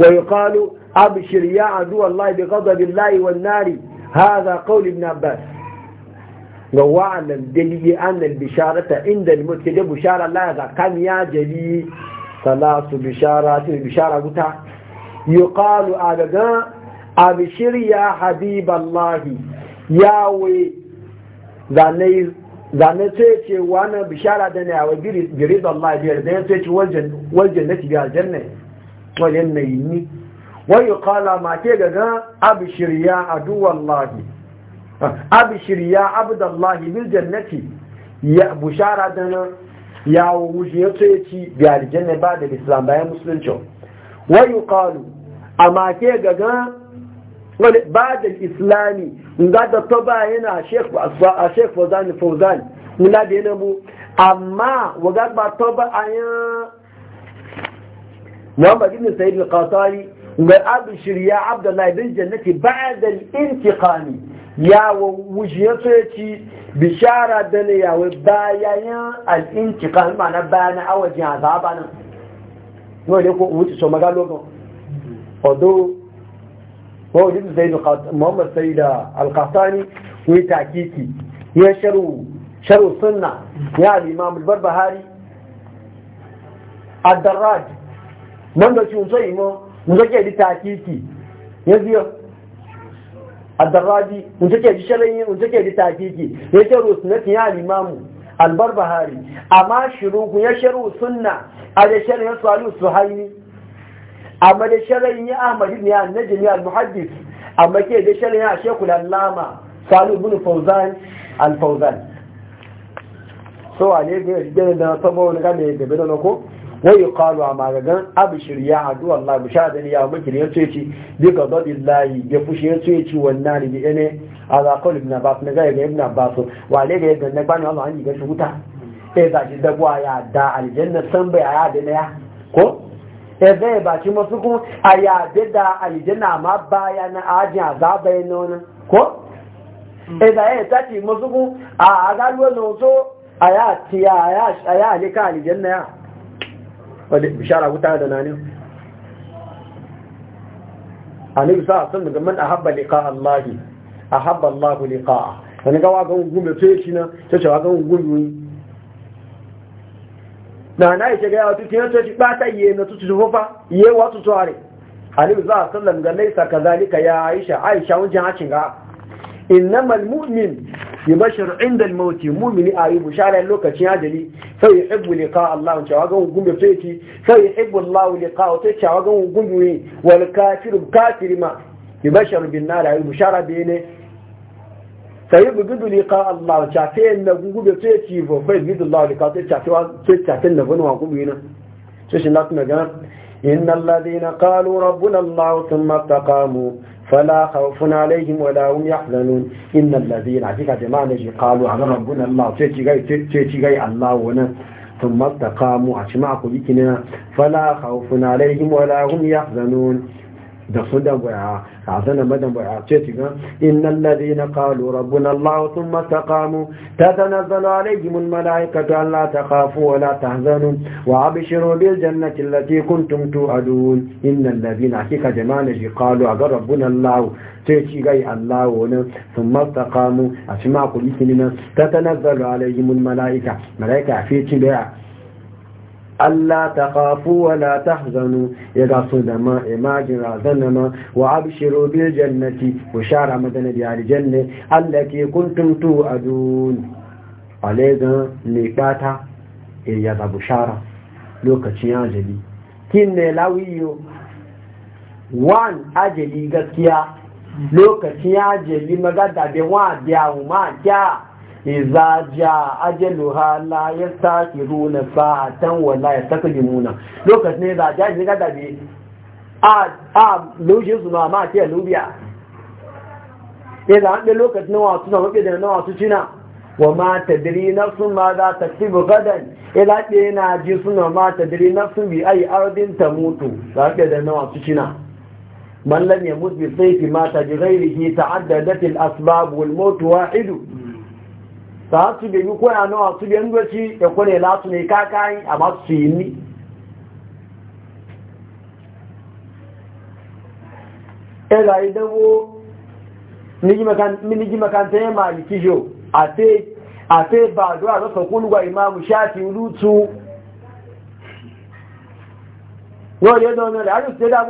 ويقال أبشر يا عدو الله بغضب الله والنار هذا قول ابن عباس ga wa'annan dalili annal bisharata inda al-mulki da bishara Allah ga kan ya jali salasu bisharatin bishara guta yuqalu agaga abishir ya habiballahi yawe zanai zanai ce ce wani bishara da ne a wajen ya Allah biyar da ya ce wajen na tibi aljanna wajen na yi ni wani yuqala ma ke gaga abishir ya aduwallahi abishir ya abdullahi bil jannati ya bushara dana ya wuce ya ce ci bi aljanna ba da islam bayan musulunci wa yuqalu amma ke ga wani ba da islami ga da to ba yana sheikh a sheikh fawzan fawzan muna da yana mu. amma ga ba to ba ayan Muhammad ibn Sayyid al-Qasari wa abshir ya abdullahi bil jannati ba'da al-intiqami yawo ya so ya ci bishara da ne yawo bayayen al'inci kan mana jiya awajin azaba nan yau ne ko wuce so magalogon odo wajen zai da muhammad sai da alkasani wai takiki ya sharu sunna ya bahari, albarbahari addarraj wanda shi wuce imo wuce ke da takiki ya ziyar Azan Rabi in suke bi shirin yin in suke bi tafiji in suke bi sunani alimamun Almarbahari amma in suke bi shirin sunan Adashin ya yi su Aliyu amma in suke bi Ahmadu in yi anan muhaddis, amma in suke bi shirin ashaku da alama Salihu bin Fawzan Al-Faugan. Sau alai ne yaushe zan yi da wani ganbe da bai dauna ko? wai yi qalu amagagan abshir ya adu Allah bishadani ya mutu ne ya ce ci bi ga zaɗi layi ya fushi ya ce ci wannan ne ne ala qawl ibn abbas na ne ga ibn abbas wa ne ga ibn abbas Allah an yi ga shuta e za shi da ya da aljanna san bai a aya da ya ko e zai ba shi masu kuma aya da da aljanna ma baya na ajin azabai wani ko eh da eh tace masu kuma a ga luwa no so ya ti aya aya ne ka aljanna ya wadda bishara wuta da nani annabi sa sun daga man ahabba liqa Allah ahabba Allah liqa wani ga wagan gumbe to shi na to shi wagan gumbe na na yake ga yawa tutin to shi ba ta yi na tutu fofa yi wa tutu are annabi sa sun daga laisa kazalika ya Aisha Aisha wajen hacin ga innamal mu'min yubashir inda al-maut mu'mini ayi bushara lokacin ajali sai yuhibbu liqa Allah cewa ga gumbe sai ci sai yuhibbu Allah liqa sai cewa ga gumbe wal kafiru kafirima yubashir bin nar ayi bushara bene sai yuhibbu liqa Allah cewa sai na gumbe sai bo sai yuhibbu Allah liqa sai cewa sai cewa na gumbe wa gumbe na sai shi na tuna ga إن الذين قالوا ربنا الله ثم استقاموا فلا خوف عليهم ولا هم يحزنون إن الذين عتيك جماعة قالوا على ربنا الله تيجي الله ونا ثم استقاموا عشمعكم بكنا فلا خوف عليهم ولا هم يحزنون da su da baya a zana madan baya ce ti gan innal ladina qalu rabbuna allah thumma taqamu tatanazzalu alayhim al malaikatu an la takhafu wa la tahzanu wa abshiru bil jannati allati kuntum tu'adun innal ladina hakika jama'an ji qalu aga rabbuna allah ce ci gai allah wani thumma taqamu a shi ma kuli kinina tatanazzalu alayhim al malaika malaika fi ci da Allah ta kafu wa la ta zanu ya ga su da ma imajin razan nama ma wa abshiru bil jannati ku shara madana ke aljanna allati kuntum tu'adun alega ne kata e ya da bushara lokacin ajali kin ne lawiyo wan ajali gaskiya lokacin ajali magada da wa biya umar kya iza ja ajaluha la yastakiruna sa'atan wa la yastaklimuna lokacin ne za ja shi ga dabi a a loje su ma ma ce lubiya idan da lokacin nawa su na mabe da nawa su cina wa ma tadri nafsun ma za ta tibu gadan ila ke na ji suna ma tadri nafsun bi ai ardin ta mutu za ka da nawa su cina man lam yamut bi sayfi ma bi ta'addadat al asbab wal maut wahidu ta su bebi koya nawa su biyan doci ya e kone latu ne kakayi a masu su yi ni ɗaga e yi dabo miliki makanta ya maliki jo a fe ba zuwa imamu shafi lutu yau da yadda wani da hajji su ya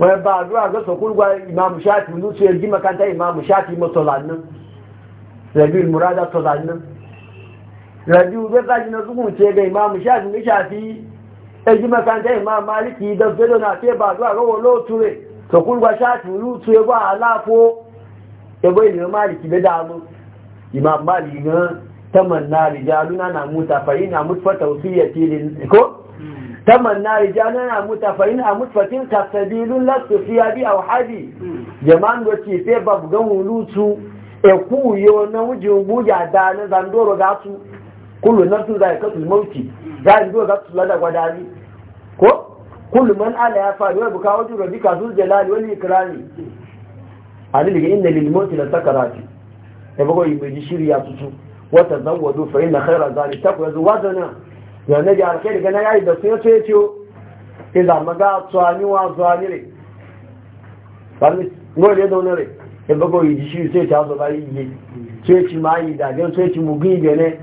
wai ba addu'a ga sokulwa imamu shafi nusu ya ji makanta imamu shafi matsalannin rabiul murada tsalannin rabiul zai tsaji na zukun ce ga imamu shafi ne shafi ya ji makanta imamu maliki da zai na ce ba addu'a ga wolo ture sokulwa shafi nusu ya ba alafo ya bai ne maliki da damu imam maliki na tamanna rijaluna na muta fa ina mutfa ko tamanna rijana na muta fa in amut fatin ka sabilun la tufiya bi aw hadi jama'an wace sai babu gan hulutu e ku yo na wuje buja da na zandoro ga su kullu nafsu zaikatul mauti zandoro ga su lada gwadani ko kullu man ala ya fa wa buka wajhu rabbika zul jalali wal ikrami hadin ga inna lil mauti la sakarati e bago yi shiri ya tutu wata zawwadu fa inna khayra zalika taqwa zuwadana yanzu da harke daga na yayi da sun yato ya ciyo ke zama ga tsuwani wa tsuwani re ɓarni nore ya zaune re ya bako yi ji shi sai ta zo ba yi yi sai ci ma yi da gan sai ci mugu yi gane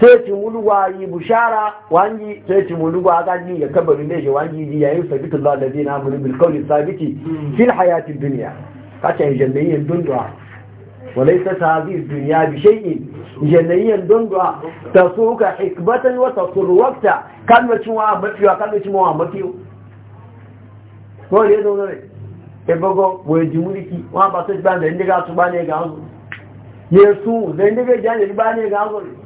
sai ci muluwa yi bushara wangi sai ci muluwa ga ni ya kabarin da shi wangi yi yayin sabitu Allah da zina amurin bilkauli sabiti fil hayatin duniya kacha yi jannayin dunduwa وليس هذه الدنيا بشيء جنيا دندوا تسوك حكمة وتصر وقتا كان وشموا مفيو كان وشموا مفيو wọ́n lè lọ́wọ́ rẹ̀ ẹgbọ́gọ́ wòye múlìkì wọ́n bá tó gbá ẹ̀ndẹ́gá tó bá ní ẹgá ọzọ yẹ̀sùn ẹ̀ndẹ́gá jáde bá ní ẹgá ọzọ rẹ̀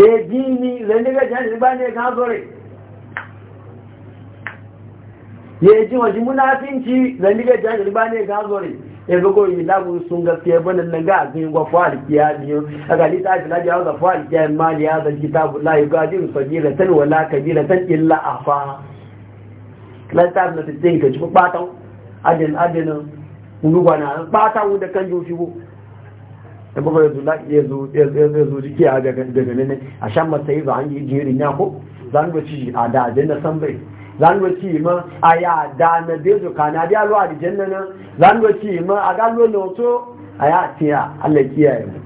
yẹ̀dí ní ẹ̀ndẹ́gá jáde bá ní ẹgá ọzọ rẹ̀ yẹ̀dí wọ̀n jí múlá ya ko yi labu sun gaskiya bane nan ga azin gwa fa'al kiya biyo a ga lita shi laji hausa fa'al kiya mali ya zan kitabu la yi gajin sabira tan wala kabira tan illa afa lantar na ta ka ci batan ajin ajin ruwa na batan da kan yi shigo da baka yanzu la ya zo ya zo jiki a daga ne a shan masayi ba an yi jirin ya ko zan ga ci a da ajin na san bai zanwaci ma a ya da na bezo ka na biya ruwa da janna na zanwaci ma a galo na wato a ya tiya Allah kiyaye mu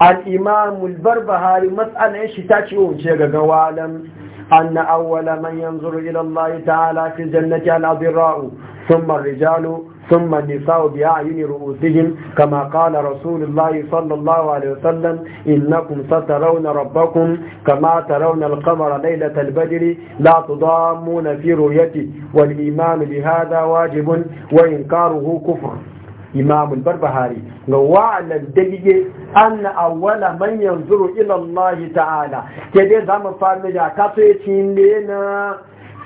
al-imam al-barbahari mas'alan shi ta ce wuce ga gawalan أن أول من ينظر إلى الله تعالى في الجنة الأضراء ثم الرجال ثم النساء بأعين رؤوسهم كما قال رسول الله صلى الله عليه وسلم إنكم سترون ربكم كما ترون القمر ليلة البدر لا تضامون في رؤيته والإيمان بهذا واجب وإنكاره كفر إمام البربهاري وعلى الدقيقة أن أول من ينظر إلى الله تعالى كده زمن فارمجا كاتويتين لنا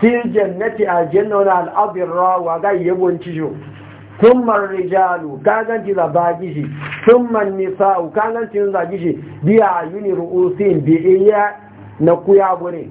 في الجنة الجنة على والأضراء وغيب وانتجو thumman rijalu kaganti zabaki shi thumman nisa'u kaganti zabaki shi biya yuni ru'usin bi iya na kuya gure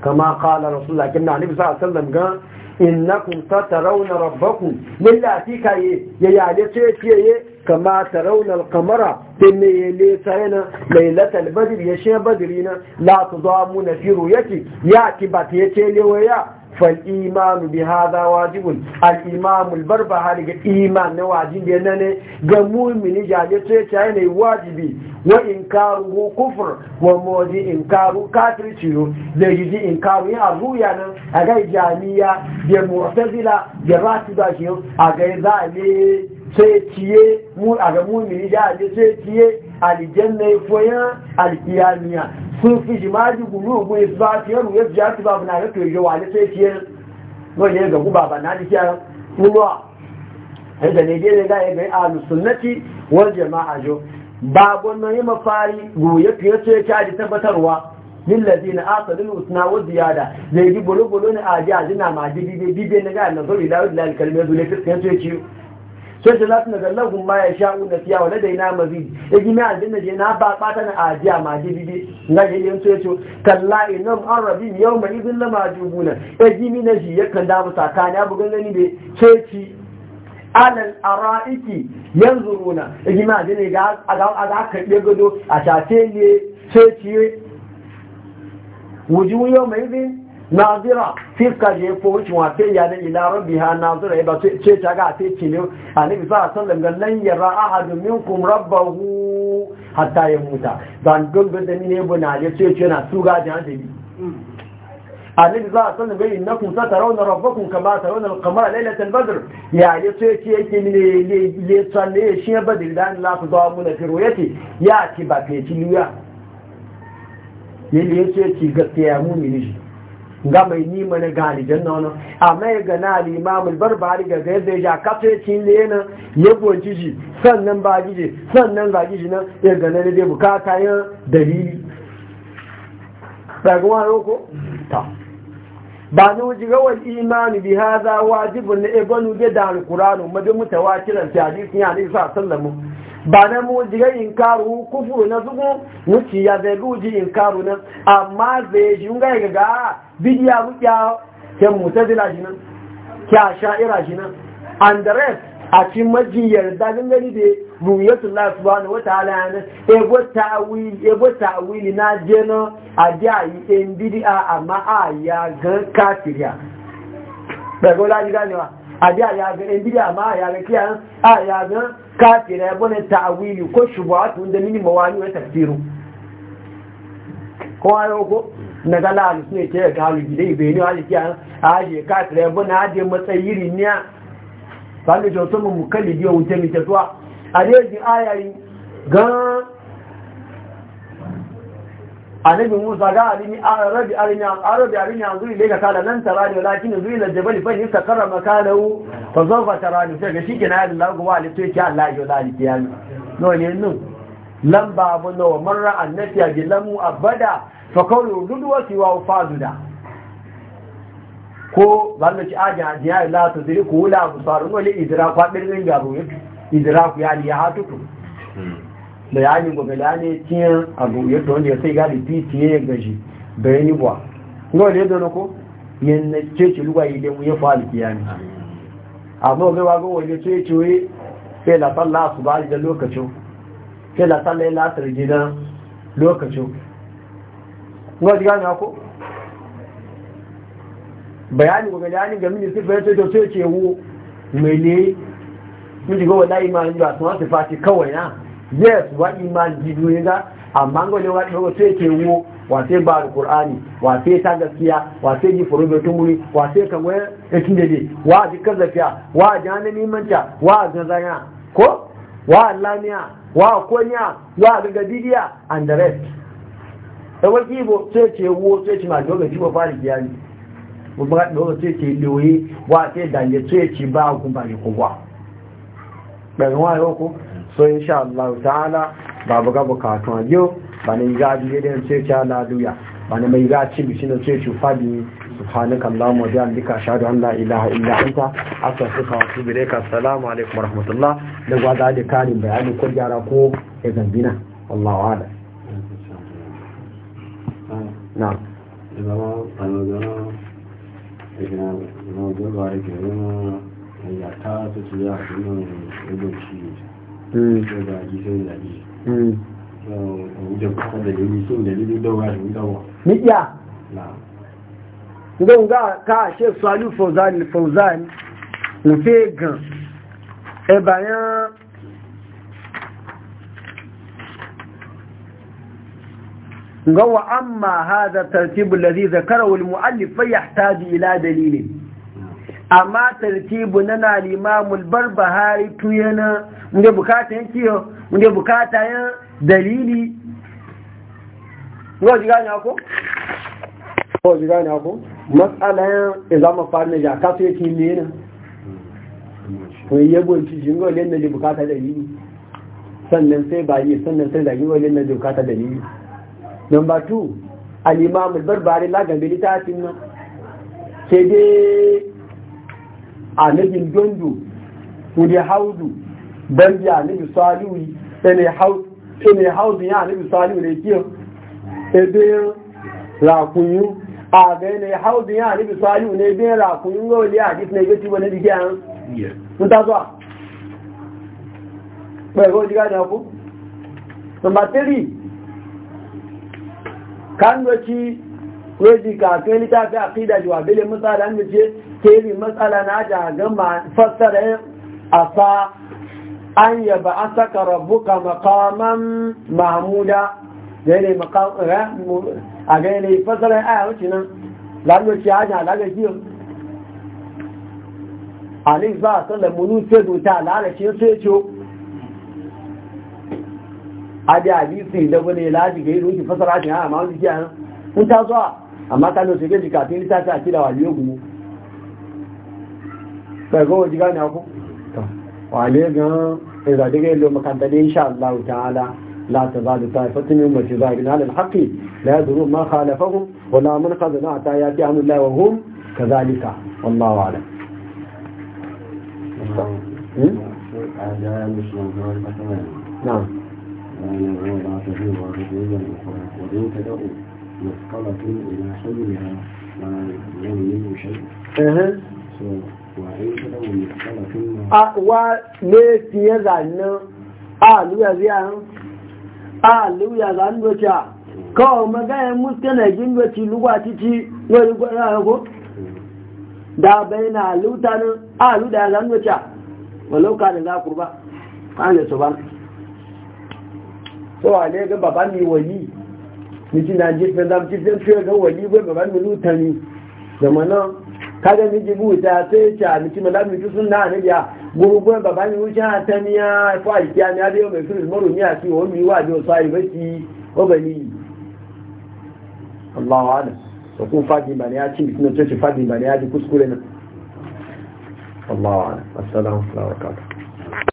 kama na nufi kinna ali bi sallallahu alaihi wasallam ta innakum tatarawna rabbakum lillati kayi ya ya de ce ce ye kama tarawna alqamara tinne ye yana tsayna laylata albadr ya she badrina la tudamuna fi ruyati ya kibati ba ta le waya فالإيمان بهذا واجب الإمام البربهاري إيمان واجب ينني قمول من جاجته شاين واجبي وإنكاره كفر وموجي إنكاره كافر تشيو ليجي إنكاره أبويانا أغاي جانية بمعتزلة براتبة شيو أغاي ذالي سيتيه أغاي مؤمن جاجته سيتيه الجنة فيا القيامية sun fi jimaji gulugun fiye fi yaru ya fi jati babu na rikin yawa ne sai fiye ne ga gagu ba, na jikiya ruwa a da ne dele ga gari a sunnati wal jama'a jo babu wannan yi mafari goye fi yaso ya caji tabbatarwa lillazi na asalin usna wa ziyada zai yi bulubulu ne a ji a jina ma jibi bibi na ga nan zuri da wadda kalmar zuri fiskantar ciwo sai da lati na zallar ma ya sha na fiya wa ladai na mazidi ya gimi aljanna je na ba ta na ajiya ma ji bibi na je yin sai ce kalla inam arabin yawma idin lama jubuna ya gimi na shi ya kan damu sakani abu gangani da ce ci alal ara'iki runa ya gimi aljanna ga aka karbe gado a shafe ne sai ciye yau mai izin? nazira fi je ko wuce wa sai ya ne ila rabbiha nazira ba ce ta ga sai ce ne bi sa sallam ga lan yara ahadun minkum rabbahu hatta ya muta dan gungun da ne bu na le ce ce na su ga jan dabi bi sa sallam ga innakum satarawna rabbakum kama tarawna al-qamara laylatal badr ya je ce ce yake ne le le tsalle shi badr dan la ku zawo mun fi ruyati ya ci ba ke ci ne ne ce ci gaskiya mu ne shi ga mai nima na ga nono wani mai gana alimamun barbari ga zai zai ja kafin lena ya gonci jiji sannan ba jiji sannan ba jiji nan ya gana da dai bukata yin dalili ɗaguwa roko? ta ba ni wuji ga wani imani bi ha za wajibin na ebonu ga da alkuranu madu mutawa kiran tiyaji sun yi alisa sallamu ba na mu jiga in karu kufuru na zugu wuci ya zai guji in karu na amma zai shi ga ga bidiya mukiya ke mutazila shi nan ke sha'ira shi nan and the rest a cikin maji yarda gangani da ruyatul lahi subhanahu wa ta'ala yana ebo ta'wili ebo ta'wili na jeno a yi en bidiya amma a ya ga kafiriya daga laji ganewa a da ya ga en bidiya amma a ya ga kiyan a ya ga kafiriya bane ta'wili ko shubuhatu da mini mawani wa tafsiru ko ayo ko na ga su ne ce ga halu gidai bai ne wani kiyan aje ka tare bu na aje matsayiri ne ba da jautar mu mukalli biyo wuce mai tafiya a rejin ayayi gan annabi musa ga alimi arabi arini arabi alimi yanzu ile ga kala nan tarani lakin zuri da jabal fa yusa karama kalahu fa tara ne sai ga shike na Allah go wa lito ki Allah yo da alkiyami no ne nun lamba bu no marra annati ajilamu abada fakaunin guduwa siwa fazuda ko zanda ci aji aji ya ila ta zai ko wula abu tsarin wani idiraku a birnin gabo idiraku ya ha hatutu da ya gobe da ne tiyan abu yadda wanda ya sai gari fi tiye ya gaji bayani buwa ga wani yadda ko yin na ceci luwa yi dai ya fa alkiya ne amma ga wa ga wani ce ce wai sai la sallah da lokacin sai la sallah la gidan lokacin wọ́n ti gánà kó bayani ko bayani ga mini sifa yace to sai ce wo mele mun diga wallahi ma ni ba sun ta fati kawai na yes wa iman jidu ne ga amma ngole wa to sai ce wo wa sai ba alqur'ani wa sai ta gaskiya wa sai ji furubi tumuri wa sai kan waya ya tinde ne wa ji zafiya, wa janani manta wa zanzanya ko wa lamiya wa konya wa gagadidiya and the rest ẹwọ́ bo sai ce wo sai ce ma ó ji ba fara tí ó ba kí á ní gbogbo láti lọ́wọ́ tí ó sai ce ba ku ba ìdàlẹ̀ tí ó ṣe bá ogun so insha Allah ta'ala ba buga gabo katon ajo ba na yi gaji gidan tí ó ṣe duya ba ne mai ga ci bi shi ne sai ce fadi subhanaka allahumma wa bihamdika ashhadu an la ilaha illa anta astaghfiruka wa atubu ilayka assalamu alaikum wa rahmatullah da gwada da karin bayani ko gyara ko ya zambina wallahu a'lam نعم إذا أنا إذا موضوع بارك لنا يا تاسو تجاه من يدوم شيء إذا جيسون لدي وجب هذا جيسون لدي دوغا دوغا نعم نعم don ga ka ṣe salu fauzan fauzan nufe gan ẹ̀bàyàn Nga wa amma haɗa tartibin da zai zakara wa mu'allif fa ya taji ila dalili amma tartibin na nalima mulbar bahari tuyana inda bukata yin kiyo inda bukata yin dalili ga ji gani ako? ga ji gani ako? matsala yin izama farin ya kasu ya ki ne na wani yabon cikin gole na da bukata dalili sannan sai yi sannan sai da yi gole na da bukata dalili number 2 al-imam al-barbari la gambe nan sai dai anabin dondo wuri haudu bambi anabi saliwi ene haudu ya anabi saliwi ne kiyo ebe rakunyu a ga ene haudu ya anabi saliwi ne ebe rakunyu ga wali hadis na ibe dike an muta zuwa pẹ̀lú ojú gájọ kú number 3 kanwaci doki ka kai littafi a kida jiwa bele matsala da ce keli matsala na ta gama fassara A sa an yaba eh, a saka rabuka makaman mahmuda da yanayi a ga yanayi fassara aya wuce nan a ya lalwaci lalaci alif ba a sallar munu sai dota lalaci sai ciwo adi hadisi da wani laji ga irin ki fasara shi amma wani kiyan kun ta zuwa amma kan da shige jika tin ta ta kida waliyo gumu sai go jiga ne wale ta'ala la وضعته ورديا أخرى وإن تدعو مثقلة إلى حملها لا يغني منه شيء وإن تدعو مثقلة وميتي يزعلنا آلو يزيان آلو يزعلنا وشا kawo magaya muskana gingwaci wani da bai na lutanin alu da ya zanuwa da za kurba su ba tó wà ní ẹgbẹ́ bàbá mi wọ̀nyí ní ti nàìjíríà fẹ́ndà tí ó fi ẹgbẹ́ wọ̀nyí wẹ́ bàbá mi ló tàn ní zọ̀mọ̀ náà kájẹ́ ní jibú ìta tó ẹ̀ṣà ní ti mọ̀lá mi tuntun náà níbi à gbogbo ẹ̀ bàbá mi wúṣẹ́ àtẹ́ ní ẹ̀fọ́ àìsí àmì adéyọ̀mẹ̀ fílẹ̀ mọ́rò ní àti òun mi wà ní ọ̀sọ́ àìwé ti ọbẹ̀ ní yìí Allahu Adam da kun fadi ba ya ci mutum ce fadi ba ya ji kuskure na Allahu Adam assalamu alaikum